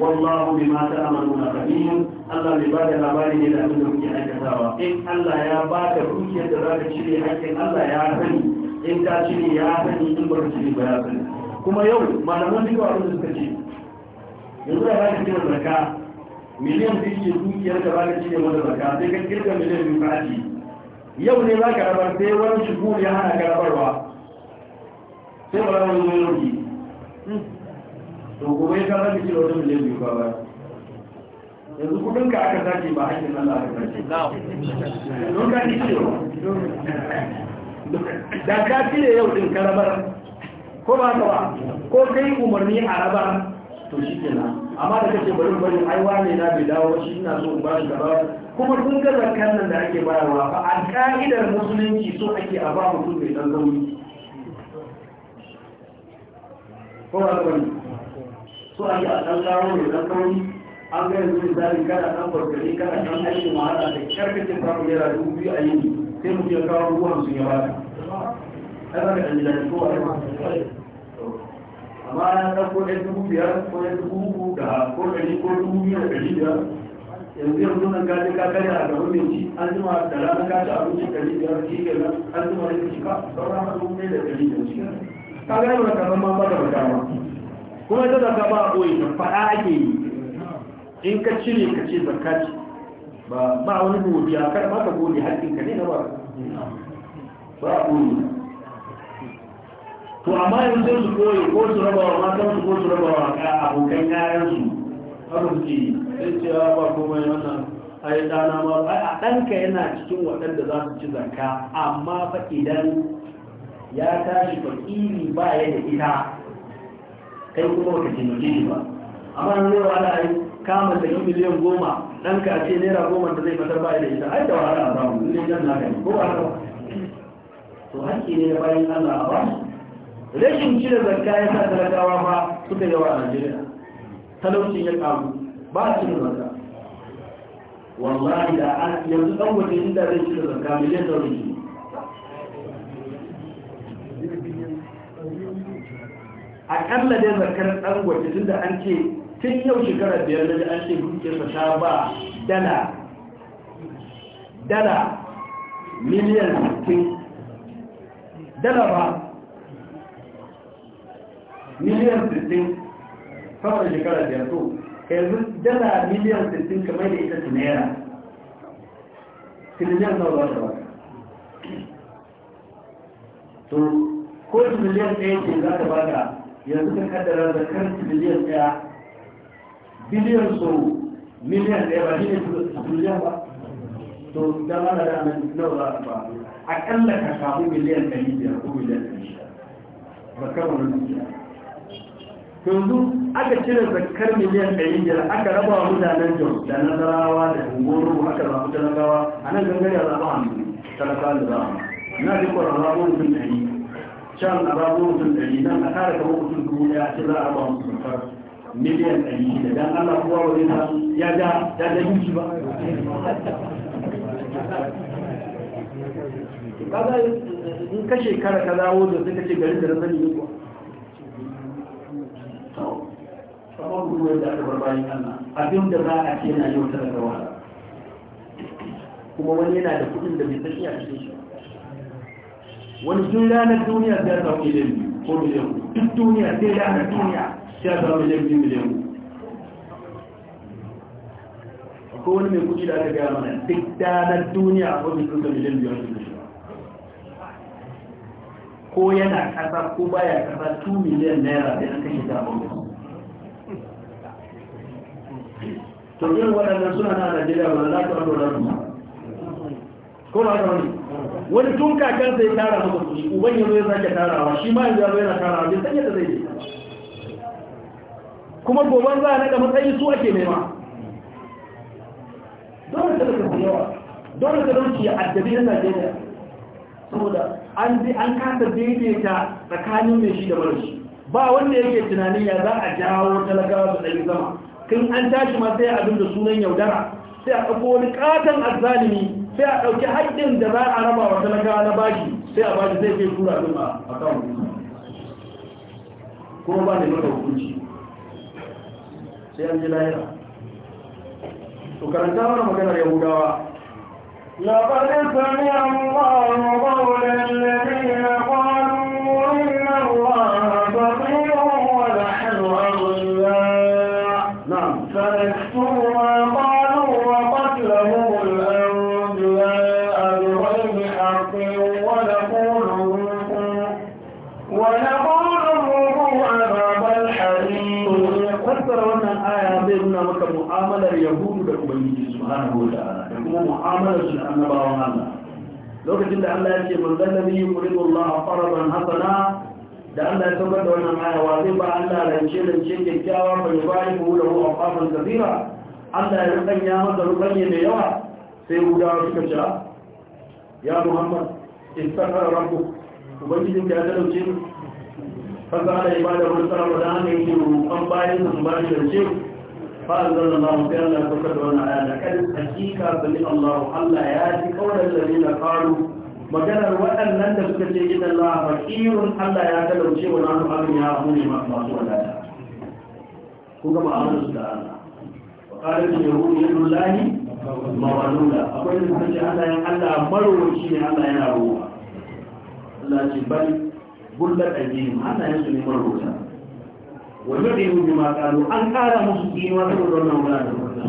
wallahu bi ma ta amalu na kabin Allah bai ba da labari ne da abin da muke aikatawa in Allah ya ba ka dukiyar da za ka cire haƙƙin Allah ya sani in ka ce ya sani in ba ce ba ya sani kuma yau malaman duka abin da suka ce yanzu ya ka cire zarka miliyan biyu ke dukiyar ka baka cire mata zakka sai ka kirga miliyan biyu ka ce yau ne za ka rabar sai wani shigo ya hana ka rabarwa sai ba wani zo yau ki to gobe ka da cire wata miliyan biyu ba ba yanzu kudin ka aka sace ba hakkin Allah aka sace don ka ki cire da ka cire yau ɗin karabar ko ba ta ba ko kai umarni a raba to shi ke nan amma da kake bari bari aiwa ne na bai dawo shi ina so in ba shi gaba kuma kun ga zakkan nan da ake bayarwa fa a ka'idar musulunci so ake a ba mutum mai dan zauni ko ba ta so ake a dan dawo mai dan zauni an ga yanzu misali kana dan barkare kana dan aiki mahala da kyar kake samu naira dubu biyu a yini sai mu ya kawo ruwan sun ya ba ta ɗan ko wani amma ya ɗan dubu biyar ko ɗan dubu uku da ko ko dubu da ɗari biyar yanzu ka a gaban mai ci an zuma da ka abinci ɗari biyar shi ke nan an zuma da sauran ma ka ga yau ma ba kuma ba a ɓoye ta faɗa ake yi in ka cire ka ce ba ba wani godiya kar ma ka gode haƙƙin ka ne na ba ba gode to amma yanzu sai su koyi ko su raba wa matan su ko su raba wa abokan yayan su haka suke sai ce ah, ba komai wannan ai dana ma a ɗanka yana cikin waɗanda za su ci zakka amma fa idan ya tashi fakiri ba ya da ita kai kuma ka ce ba amma yanzu ana yi kama da miliyan goma ɗanka ka ce naira goma da zai fatar ba da ita ai da wahala a samu ne nan na kai ko wahala. to hakki ne bayan Allah a ba rashin cire zakka ya sa talakawa ba suka yawa a Najeriya talaucin ya kamu ba cire zakka wallahi da an yanzu dan waje inda zai cire zakka miliyan da A akalla dai zakkar dan waje tunda an ce tun yau shekara biyar da an ce dukiyarsa ta ba dala dala miliyan 60 dala ba miliyan 60 sama da shekara biyar to yanzu dala miliyan 60 kamar da ita tunera tunaniyar nawa ba ta ba to ko tunaniyar ɗaya ce za ta ba yanzu ta kaddara da kan tunaniyar ɗaya biliyan so miliyan ɗaya ba shi ne duniya ba to da mana da nan nawa za ba akalla ka samu miliyan ɗari biyar ko miliyan ɗari shida zakar wani dukiya to yanzu aka cire zakar miliyan ɗari biyar aka raba wa mutanen jos da nasarawa da ungoro aka zaɓi talakawa a nan gangare a zaɓa hannu talakawa da zaɓa na ji kwarar zaɓo mutum ɗari can a zaɓo mutum ɗari nan a kare kamar mutum a ce za a raba mutum zakar miliyan ɗari da dan Allah kowa wani na ya ja ya ja yuci ba kaga in ka shekara ka dawo da sai ka ce garin da na sani yi kuwa kamar ruwan da aka bar bayan Allah abin da za a ce yana yau tana da wahala kuma wani yana da kuɗin da bai tafi a cikin shi wani tun ranar duniya biyar da sauke da ko miliyan duk duniya sai ranar duniya sai a samu miliyan biyu miliyan akwai wani mai kuɗi da aka gaya mana duk danar duniya a wajen sun miliyan biyar wajen shi ko yana kasa ko baya kasa 2 miliyan naira da an kashe ta abubuwa to yin waɗannan suna na najeriya ba za ta wani wani ko ba ta wani wani tun kakansa ya tara masa kuɗi uban yanzu ya sake tarawa shi ma yanzu yana tarawa bai san yadda zai je kuma goban za a naɗa matsayi su ake nema dole ta da yawa dole ta dauki addabi na najeriya saboda an zai an kasa daidaita tsakanin mai shi da mara shi ba wanda yake tunanin ya za a jawo talaga da ɗari zama kan an tashi ma sai abin da sunan yaudara sai a ɗauko wani ƙaton azzalimi sai a ɗauki haƙƙin da za a raba wa talakawa na bashi sai a bashi zai fi tura a kawai kuma ba da mata hukunci sai an ji lahira to karanta mana maganar yahudawa لقد سمع الله قول الذين da mu'amalar yahudu da ubangiji subhanahu wa ta'ala da kuma mu'amalar su da annabawan Allah lokacin da Allah ya ce man zalladhi yuridu Allah faradan hasana da Allah ya saukar da wannan aya wa zai ba Allah rance rance kyakkyawa fa da lahu aqaman kathira Allah ya rubanya masa ne da yawa sai gudawa suka ce ya Muhammad istaghfar rabbuk ubangijin ka ya talauce ni fa qala ibadahu sallallahu alaihi wa sallam bayan su ba shi rance فأنزل الله في الله تكتبنا على كل حقيقة بني الله الله ياتي قول الذين قالوا maganar waɗannan da suka ce idan Allah fakirun Allah ya talauce wa nanu abin ya hune masu wadata ku ga ma'amalar su da Allah wa qalat yahudu yadullahi mawalula akwai da suka ce Allah ya Allah marwaci ne Allah yana ruwa Allah ce bal gullat ajihim Allah ya su ne marwata wanda da yi ma kalu an kara musu kiwa saboda wannan wula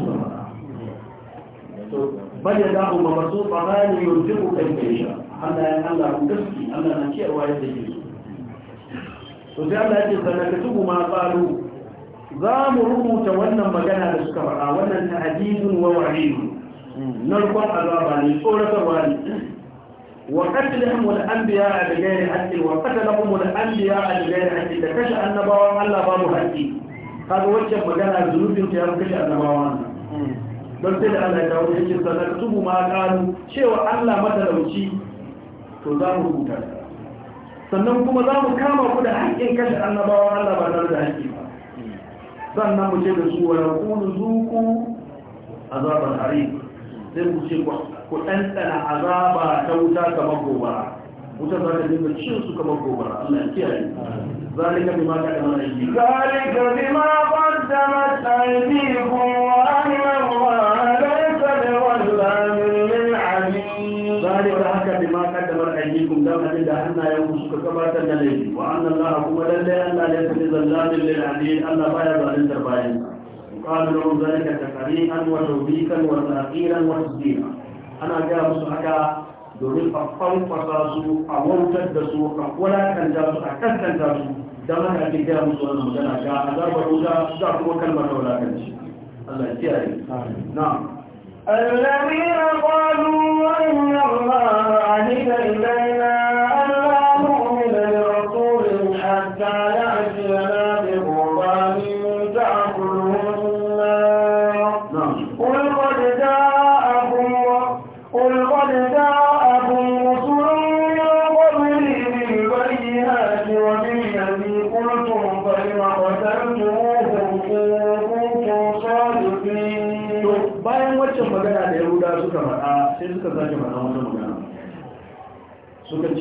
da bayan da kuma ba so ba bayan yanzu ku kai kai sha Allah ya Allah ku gaski Allah na cewa yadda yake so to sai Allah ya ce sanakatu ma qalu za mu rubuta wannan magana da suka faɗa wannan ta'dibun wa wa'idun narkon azaba ne tsoratarwa ne وقتلهم الأنبياء بغير حق وقتلهم الأنبياء بغير حق تكشى النبوة ألا باب حقي هذا وجه مجال الذنوب يمتعهم كشى النبوة don sai da Allah ya dawo da cikin sanar tubu ma ƙaru cewa Allah to rubuta sannan kuma za mu kama ku da haƙƙin kashe annabawan Allah ba tare da haƙƙi ba sannan mu ce da su wa yaqulu zuku azaban hari sai mu ce ku ku ɗanɗana azaba ta wuta kamar gobara wuta za ta dinga cin su kamar gobara Allah ya kiyaye zalika bima qaddamat aydikum zalika bima qaddamat aydikum wa anna Allah laysa biwallamin lil alim zalika haka bima qaddamat aydikum da kan da hannayen ku suka gabatar da laifi wa anna Allah kuma lalle Allah laysa biwallamin lil alim Allah baya zalunta bayan قالوا لهم ذلك تقريحا وتوبيكا وتأخيرا وتصديقا ana gaya musu haka domin a fankwasa su a wautar da su a wulakanta su a kaskanta su don haka ake gaya musu wannan magana ga a azabar wuta za kuma kalmar da wulakanci Allah ya kiyaye na'am الذين قالوا إن الله عهد إلينا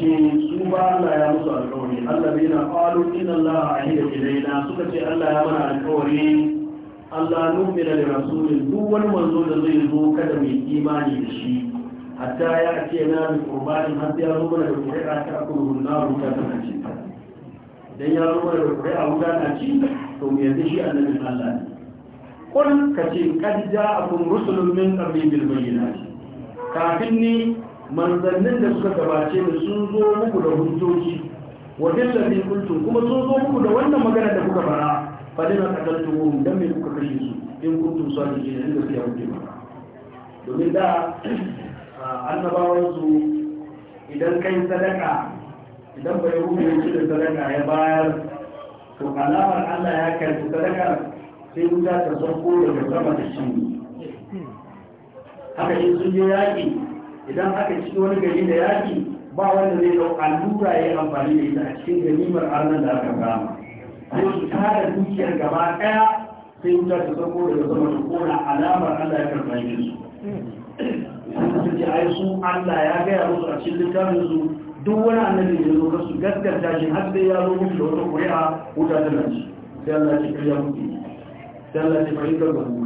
su ba Allah ya musu alkawari Allah bai na qalu inna Allah ahida ilaina suka ce Allah ya mana alkawari Allah nu'mina li rasulin duk wani manzo da zai zo kada mu imani da shi hatta ya ce na bi qurbani har ya zo mana da qur'a ta kullu nar ta ta ci dan ya zo mana da qur'a wuta ta ci to mu yadda shi annabi Allah ne kun kace kad ja'akum rusulun min qabli bil bayyinati kafin ni manzannin da suka gabace da sun zo muku da hujjoji wa billahi kuntum kuma sun zo muku da wannan magana da kuka fara fadin a kasantu dan me kuka kashe su in kuntum salihin da gaskiya kuke ba domin da annabawan su idan kai sadaka idan bai rubuta shi da sadaka ya bayar to alamar Allah ya su sadaka sai wuta ta sauko daga sama da shi haka in sun je yaƙi idan aka ci wani gari da yaki ba wanda zai dau allura ya amfani da ita a cikin ganimar arnan da aka kama sai su tara dukiyar gaba daya sai wuta ta sako daga sama ta kona alamar Allah ya karɓa shi su ce ai su Allah ya gaya musu a cikin littafin su duk wani annabi da zo su gaskata shi har sai ya zo musu da wata ƙuri'a wuta ta nan sai Allah ya ce kariya mutu sai Allah ya ce fahimtar ba mu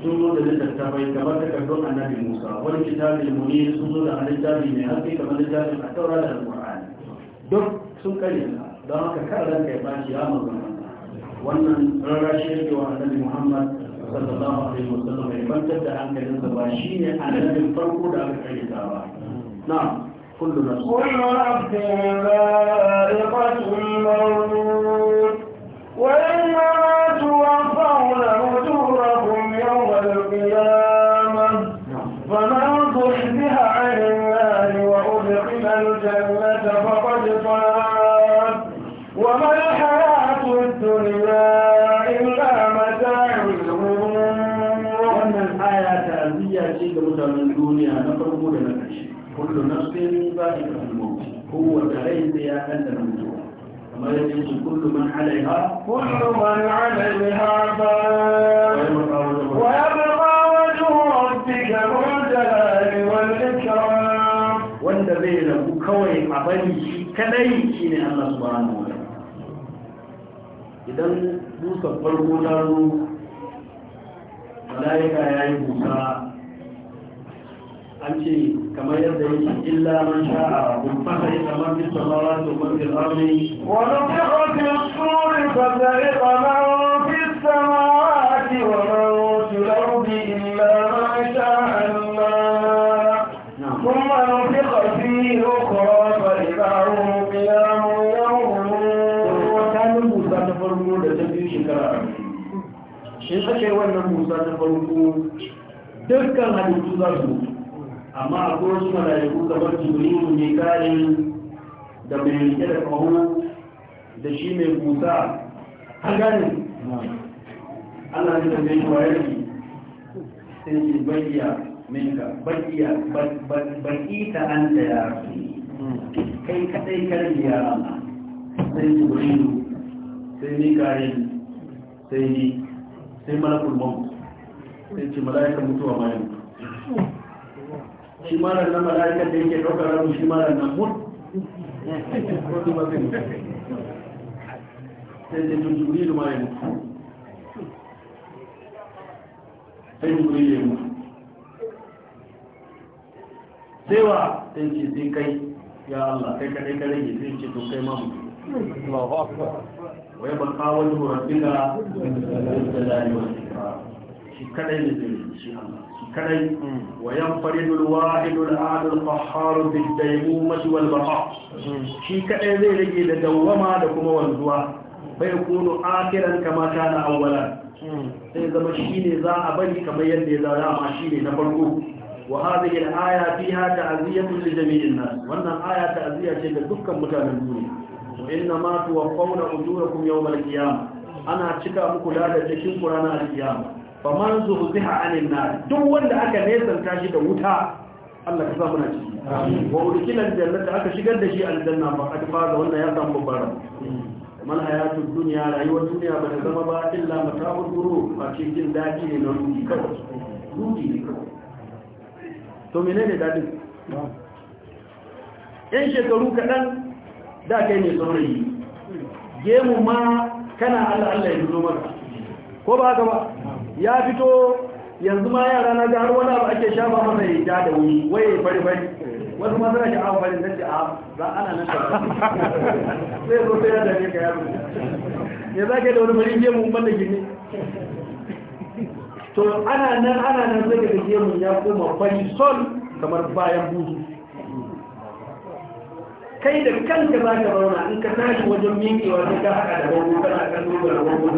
sun zo da littattafai kamar takardun annabi musa wani kitabin muni sun zo da littafi mai haske kamar littafin a taura da alƙur'ani duk sun karyata don haka kan ranka ya bashi ya manzon wannan rarrashe yake wa annabi muhammad sallallahu alaihi wa wasallam ya bantar da hankalinsa ba shi ne annabin farko da aka karyata ba na kullu nafsin kullu nafsin za'iqatul maut wa rai sai ya kanta mutuwa kamar yadda yake kullu man alaiha kullu man alaiha ba wa yabqa wajhu rabbika dhul jalali wal ikram wanda zai rabu kawai a shi kadai shine Allah idan dusar farko ta zo malaika yi busa an ce kamar yadda yake illa man sha'a mun fahari kamar fi samawa to man fi arni wa nufiqa fi suri fa tariqa man fi samawati wa man fi ardi illa man sha'a Allah thumma nufiqa fi ukhra fa idha hum qiyam yawmun kanin musa ta farko da ta biyu shekara in aka yi wannan musa ta farko dukkan halittu za su amma a akwai wasu mala'iku kamar jibrilu ne kare da mai rike da kaho da shi mai kusa har gane Allah ne tambaye shi wayar ki sai ce bakiya minka bakiya ta an da ya kai kadai da ya rama sai jibrilu sai ni kare, sai ni sai malakul maut sai ce mala'ikan mutuwa mai mutu shi malar na mala'ikar da yake ɗaukar shi na sai da tun mutu sai sai wa sai ce sai ya Allah kai ka sai ce to kai ma wai ban kawo wani horon da shi ne Allah kadai mm. wa yanfaridu alwahidu alahad alqahhar bidaymumati walbaqa mm. shi kadai zai rage da dawwama da kuma wanzuwa bai kunu akiran kama na awwalan mm. sai zama ne za a bari kamar yadda ya zama shi ne na farko wa hadhihi alaya fiha ta'ziyatu li jami'in nas wannan aya ta'ziya ce ga dukkan mutanen duniya wa inna ma tuwaffawna ujurakum yawm alqiyamah ana cika muku da cikin qur'ana alqiyamah faman zuhziha anin nar duk wanda aka nesanta shi da wuta Allah ka samu na ciki wa ulkilan jannata aka shigar da shi aljanna ba adfa da wannan ya samu babbar mal hayatud dunya rayuwar duniya ba ta zama ba illa mata'ul guru ba ce jin dadi ne na ruki. kawai ruhi ne kawai to menene dadin yan shekaru kaɗan da kai ne saurayi gemu ma kana Allah Allah ya zo maka ko ba haka ba ya fito yanzu ma yara na har wani abu ake shafa masa ya ja da wuri waye fari fari wasu ma suna sha'awar fari na ce a za ana nan sai zo sai ya dame ka yaro ya za ka da wani fari gemu ban da gini to ana nan ana nan zai ga gemun ya koma fari sol kamar bayan buzu kai da kanka za ka zauna in ka tashi wajen miƙewa sai ka haka da wani kana kan dogara bango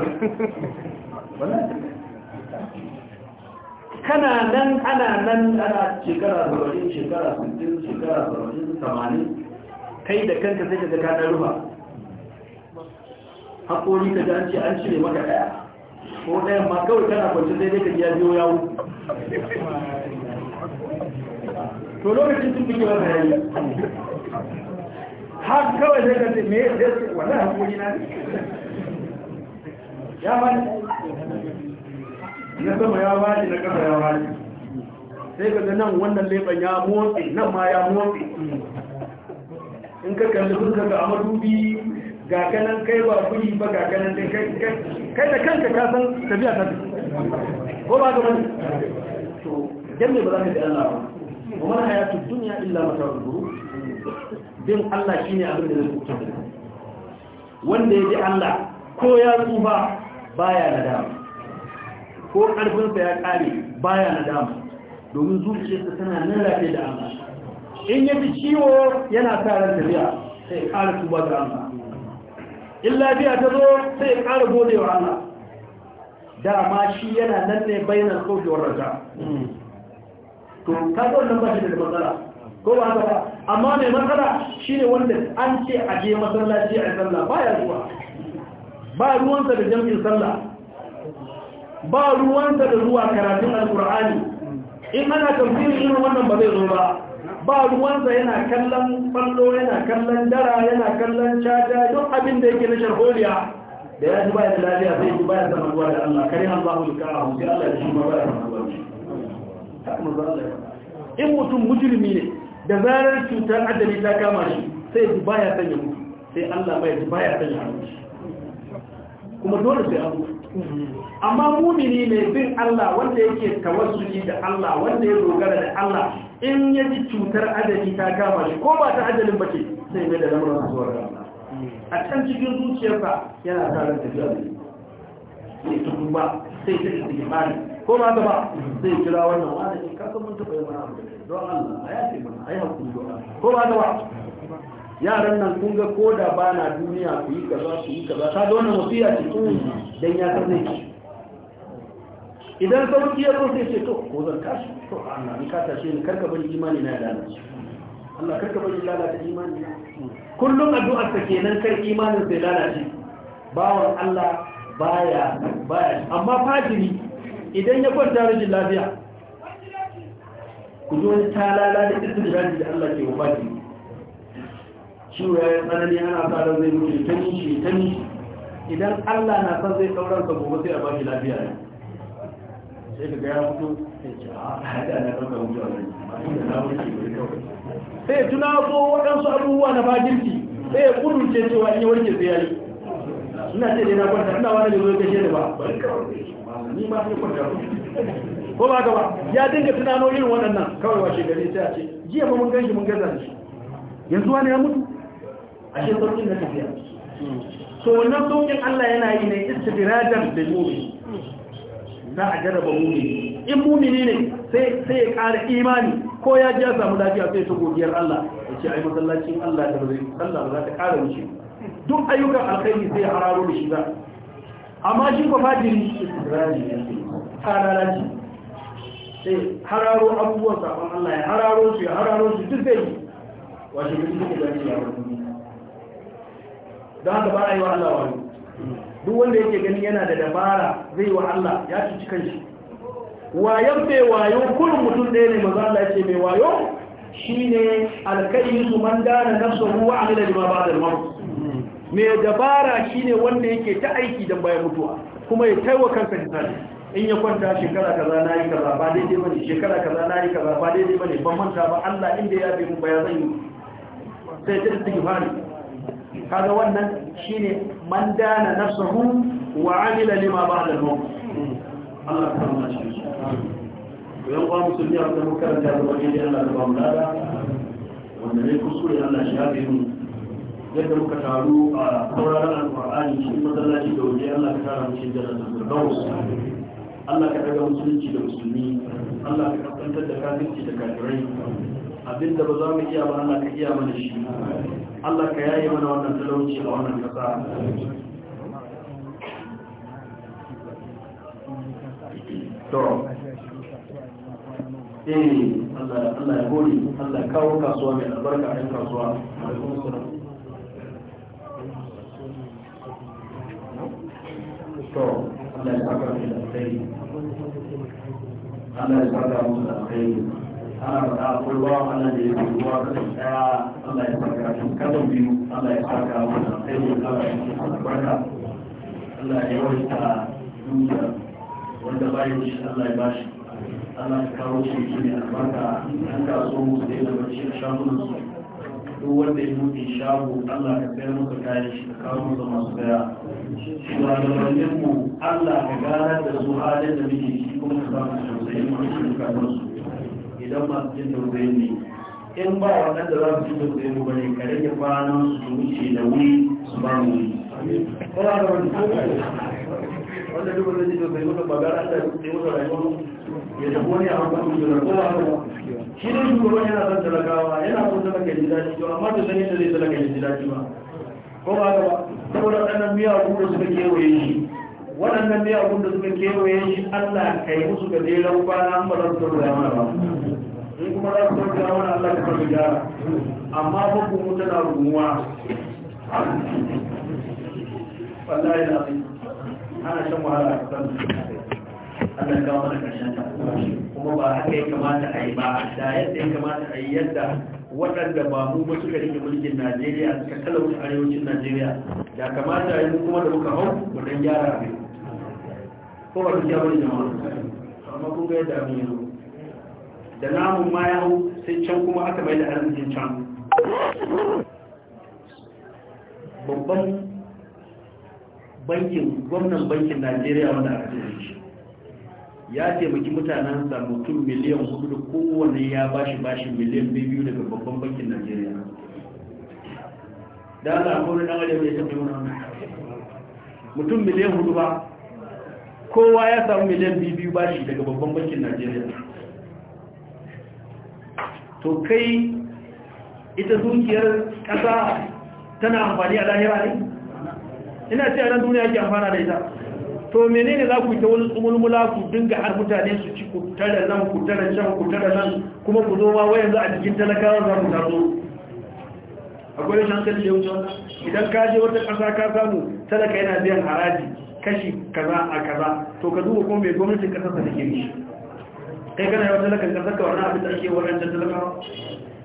wannan kana nan ana nan ana shekara 70 shekara 60 shekara 70 80 kai da kanka sai ka zaka na rufa hakori ka ji an ce an cire maka daya ko ɗayan ma kawai kana kwanci sai dai ka biya biyo yawo to lokacin sun fi kira bayani har kawai sai ka ce me ya ce wannan hakori na ya ma na sama ya bashi na kasa ya bashi sai ka ga nan wannan leban ya motsi nan ma ya motsi in ka kalli fuskar ga amadubi ga kanan kai ba kuri ba ga kanan dai kai da kanka ka san tafiya ta ko ba ga wani to dan ba za ka ji Allah ba kuma na hayatu duniya illa mata'ul ghurur bin Allah shine abin da zai kuta wanda ya ji Allah ko ya tsufa baya na dama. ko ƙarfinsa ya ƙare baya na dama domin zuciyarsa tana nan lafiya da amma in ya fi ciwo yana sa ran tafiya sai ya ƙara tuba da amma in lafiya ta zo sai ya ƙara gode wa dama shi yana nan ne bayanar kaucewar raja to ka zo nan ba shi da matsala ko ba haka ba amma mai matsala shine wanda an ce a je masallaci a sallah baya zuwa ba ruwansa da jam'in sallah ba ruwansa da zuwa karatun alkur'ani in ana tafsirin irin wannan ba zai zo ba ba ruwansa yana kallon ballo yana kallon dara yana kallon caja duk abin da yake na sharholiya da ya ji bayan lafiya sai ji bayan zamanuwa da Allah kare Allah mu kara mu Allah ya shi ma bayan zamanuwa in mutum mujrimi ne da zarar cutar adali ta kama shi sai ji baya sanya mutu sai Allah bai ji baya sanya mutu kuma dole sai abu amma mumini mai bin Allah wanda yake tawassuli da Allah wanda ya dogara da Allah in ya ji cutar ajali ta kama shi ko ba ta ajalin ba ce sai mai da lamarin zuwa ga Allah a can cikin zuciyarsa yana tsarin da ne sai tuku ba sai ta isi imani ko ba ta ba sai kira wannan wani in kasa mun taɓa yi mana abu don Allah a yi hakuri don Allah ko ba ta ba yaran nan kun ga ko da ba na duniya ku yi kaza ku yi kaza ta ga wannan wasiya ce dan ya san zai idan sauki ya ko sai ce to ko zan tashi to Allah ni ka tashi ni karka bari imani na ya lalace Allah karka bari lalata imani na kullum addu'ar ta kenan kar imanin sai lalace bawan Allah baya baya amma fajiri idan ya kwanta rajin lafiya ku zo ta lalata da da Allah ke wa fajiri ciwo ya yi tsanani ana sa ran zai mutu ta ni shi ta ni idan Allah na san zai sauran sa gobe sai a bashi lafiya ne sai ka ga ya fito sai ce ah, a hada na kanka mutu a nan sai ya tuna so waɗansu abubuwa na bagirki sai ya kudurce cewa in yi warke sai ya yi ina ce dai na kwanta ina wani da zo gashe da ba ni ma sai kwanta ko ba gaba ya dinga tunano irin waɗannan kawai washe gari sai a ce jiya ba mun ganshi mun gaza shi yanzu wani ya mutu ashe sauƙin na tafiya so wannan sauƙin Allah yana yi ne istidirajar da mumi za a jarraba mumi in mumi ne sai sai ya ƙara imani ko ya ji ya samu lafiya sai ta godiyar Allah ya ce a yi matsalacin Allah da zai Allah za ta ƙara wuce duk ayyukan alkhairi sai ya hararo da shi za amma shi ko fajiri istidiraji ne halalaci sai hararo abubuwan sabon Allah ya hararo su ya hararo su duk zai washe gudu da ya ce ya don haka ba a yi wa Allah wani duk wanda yake gani yana da dabara zai wa Allah ya ci cikin shi wayan mai wayo kullum mutum ɗaya ne maza Allah ce mai wayo shine alkai su man dana nafsa ruwa a milal ma ba'da al-maut mai dabara shine wanda yake ta aiki dan bayan mutuwa kuma ya taiwa kansa hisabi in ya kwanta shekara kaza na yi kaza ba daidai bane shekara kaza na yi kaza ba daidai bane ban manta ba Allah inda ya bai ba ya zan yi sai ta fari. kaga wannan shine man dana nafsuhu wa amila lima ba'da al-maut Allah ta rahama shi to yan kwa musulmi a kan karanta da wani da Allah ta bamu lada wanda ne kuskure Allah shi haɗe mu yadda muka taru a sauraron alƙur'ani cikin masallaci da waje Allah ka tara mu cikin jannat al-firdaus Allah ka daga musulunci da musulmi Allah ka kaskantar da kafirci da kafirai abinda ba za mu iya ba Allah ka iya mana shi Allah ka yaye mana wannan talauci a wannan kasa to eh Allah Allah ya gode Allah ya kawo kasuwa mai albarka a kasuwa to Allah ya saka mu da alheri Allah ya saka mu da alheri ana faɗa akwai ana da ya fi ruwa ɗaya Allah ya saka shi kasan biyu Allah ya saka wani sai ya saka shi albarka Allah ya yawaita dukiya wanda ba ya shi Allah ya bashi Allah ya kawo shi shi ne albarka an kaso musu da ya zama shi a shagunan su duk wanda ya mutu shago Allah ka sayar masa kayan shi ka kawo masa masu saya shugabanninmu Allah ka gara da su halin da muke shi kuma ka samu sosai mutum ka su idan masu jin tausayin ne in ba wa da za su jin mu bane ka rage kwanan su wuce da wuri su ba mu wuri kuma da wani wanda duk wanda ba gara da ya tafi wani a hankali su da shi ne yana son talakawa yana son talaka ji to amma da sanin da zai talaka ji ba ko ba ba saboda waɗannan miyagun da suka kewaye shi waɗannan miyagun da suka kewaye shi allah ka yi musu gajeren kwana an ba za su tabbata mana ba kuma za su sauke wani Allah ya sauke gyara amma ba ku mutu na rumuwa wallahi na ana shan wahala a kan Allah ya kawo mana karshen ta kuma ba haka ya kamata a yi ba da yadda ya kamata a yi yadda waɗanda ba mu ba suka rike mulkin Najeriya suka talauta arewacin Najeriya da kamata a yi kuma da muka hau mu dan gyara abin ko ba su gyara wani jama'a amma kun ga yadda abin yanzu da namun ma ya hau sai can kuma aka mai da arzikin can babban bankin gwamnan bankin najeriya wanda aka ce shi ya taimaki mutanen mutum miliyan hudu da kowane ya bashi bashi miliyan biyu daga babban bankin najeriya da za a kone dan adam ya tafi mana mutum miliyan hudu ba kowa ya samu miliyan biyu bashi daga babban bankin najeriya to kai ita dukiyar ƙasa tana amfani a lahira ne ina ce a nan duniya ke amfana da ita to menene za ku yi ta wani tsumulmula ku dinga har mutane su ci ku tare nan ku tare can ku tare nan kuma ku zo ma wayan za a cikin talakawa za ku tarzo akwai yau shankar da wucin idan ka je wata ƙasa ka samu talaka yana biyan haraji kashi kaza a kaza to ka duba kuma mai gwamnatin ƙasarsa da ke mishi kai kana yawan talakan kasar ka wani abin da ake waɗancan talakawa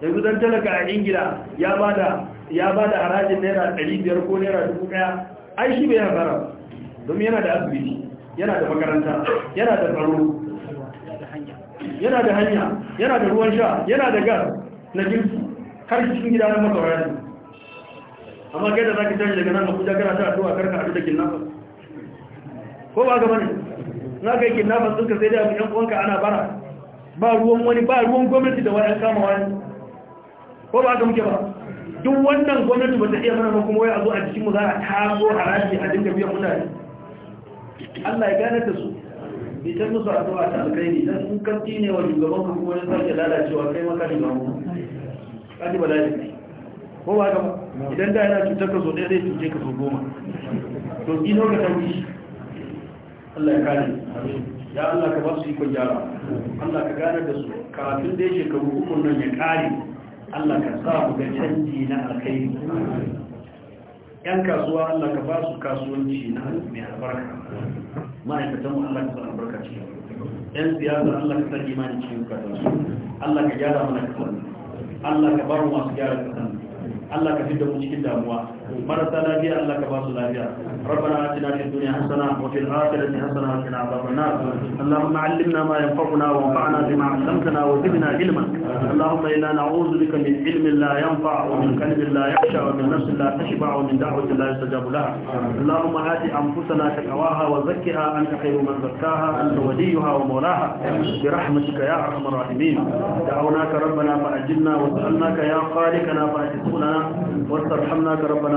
yanzu don talaka a ingila ya ba da harajin naira 500 ko naira 1000 ai shi bai hasara domin yana da asibiti yana da makaranta yana da tsaro yana da hanya yana da ruwan sha yana da gas na girki har cikin gida na masa wayar amma kai da za ka tashi daga nan abuja kana ta addu'a karka abin da ke nan ko ba gaba ne na yake nafa suka sai da yan uwanka ana bara ba ruwan wani ba ruwan gwamnati da wayan kama wani ko ba ka muke ba duk wannan gwamnati ba ta iya mana kuma wai a zo a cikin mu za a taso haraji a dinga biyan mutane Allah ya gane da su ta musu addu'a ta alkhairi dan kun kanti ne wa shugaban ku kuma sai ya lalacewa kai maka da mamu kaji ne? ko ba ka idan da yana cutar ka so ɗaya zai cuce ka so goma to ino ga tauki Allah ya kare ya Allah ka ba su ikon gyara Allah ka gane da su kafin da ya shekaru uku nan ya kare Allah ka sa mu ga canji na alkhairi yan kasuwa Allah ka ba su kasuwanci na mai albarka ma'aikatan mu Allah ka sa albarka ce yan siyasa Allah ka sa imani ce cikin kasan Allah ka gyara mana kasan Allah ka bar mu masu gyara kasan Allah ka fidda mu cikin damuwa marasa lafiya Allah ka ba su lafiya rabbana atina fid dunya hasana wa fil akhirati hasana wa qina adhaban allahumma allimna ma yanfa'una wa fa'na bima 'allamtana wa zidna ilma allahumma inna na'udhu bika min ilmin la yanfa' wa min qalbin la yakhsha wa min nafsin la tashba' wa min da'wati la yustajab laha allahumma hati anfusana taqwaha wa zakkiha anta khayru man zakkaha anta waliyuha wa mawlaha bi rahmatika ya arhamar rahimin da'awnaka rabbana fa ajilna wa sa'alnaka ya khaliqana fa ajid lana wa arhamna ka rabbana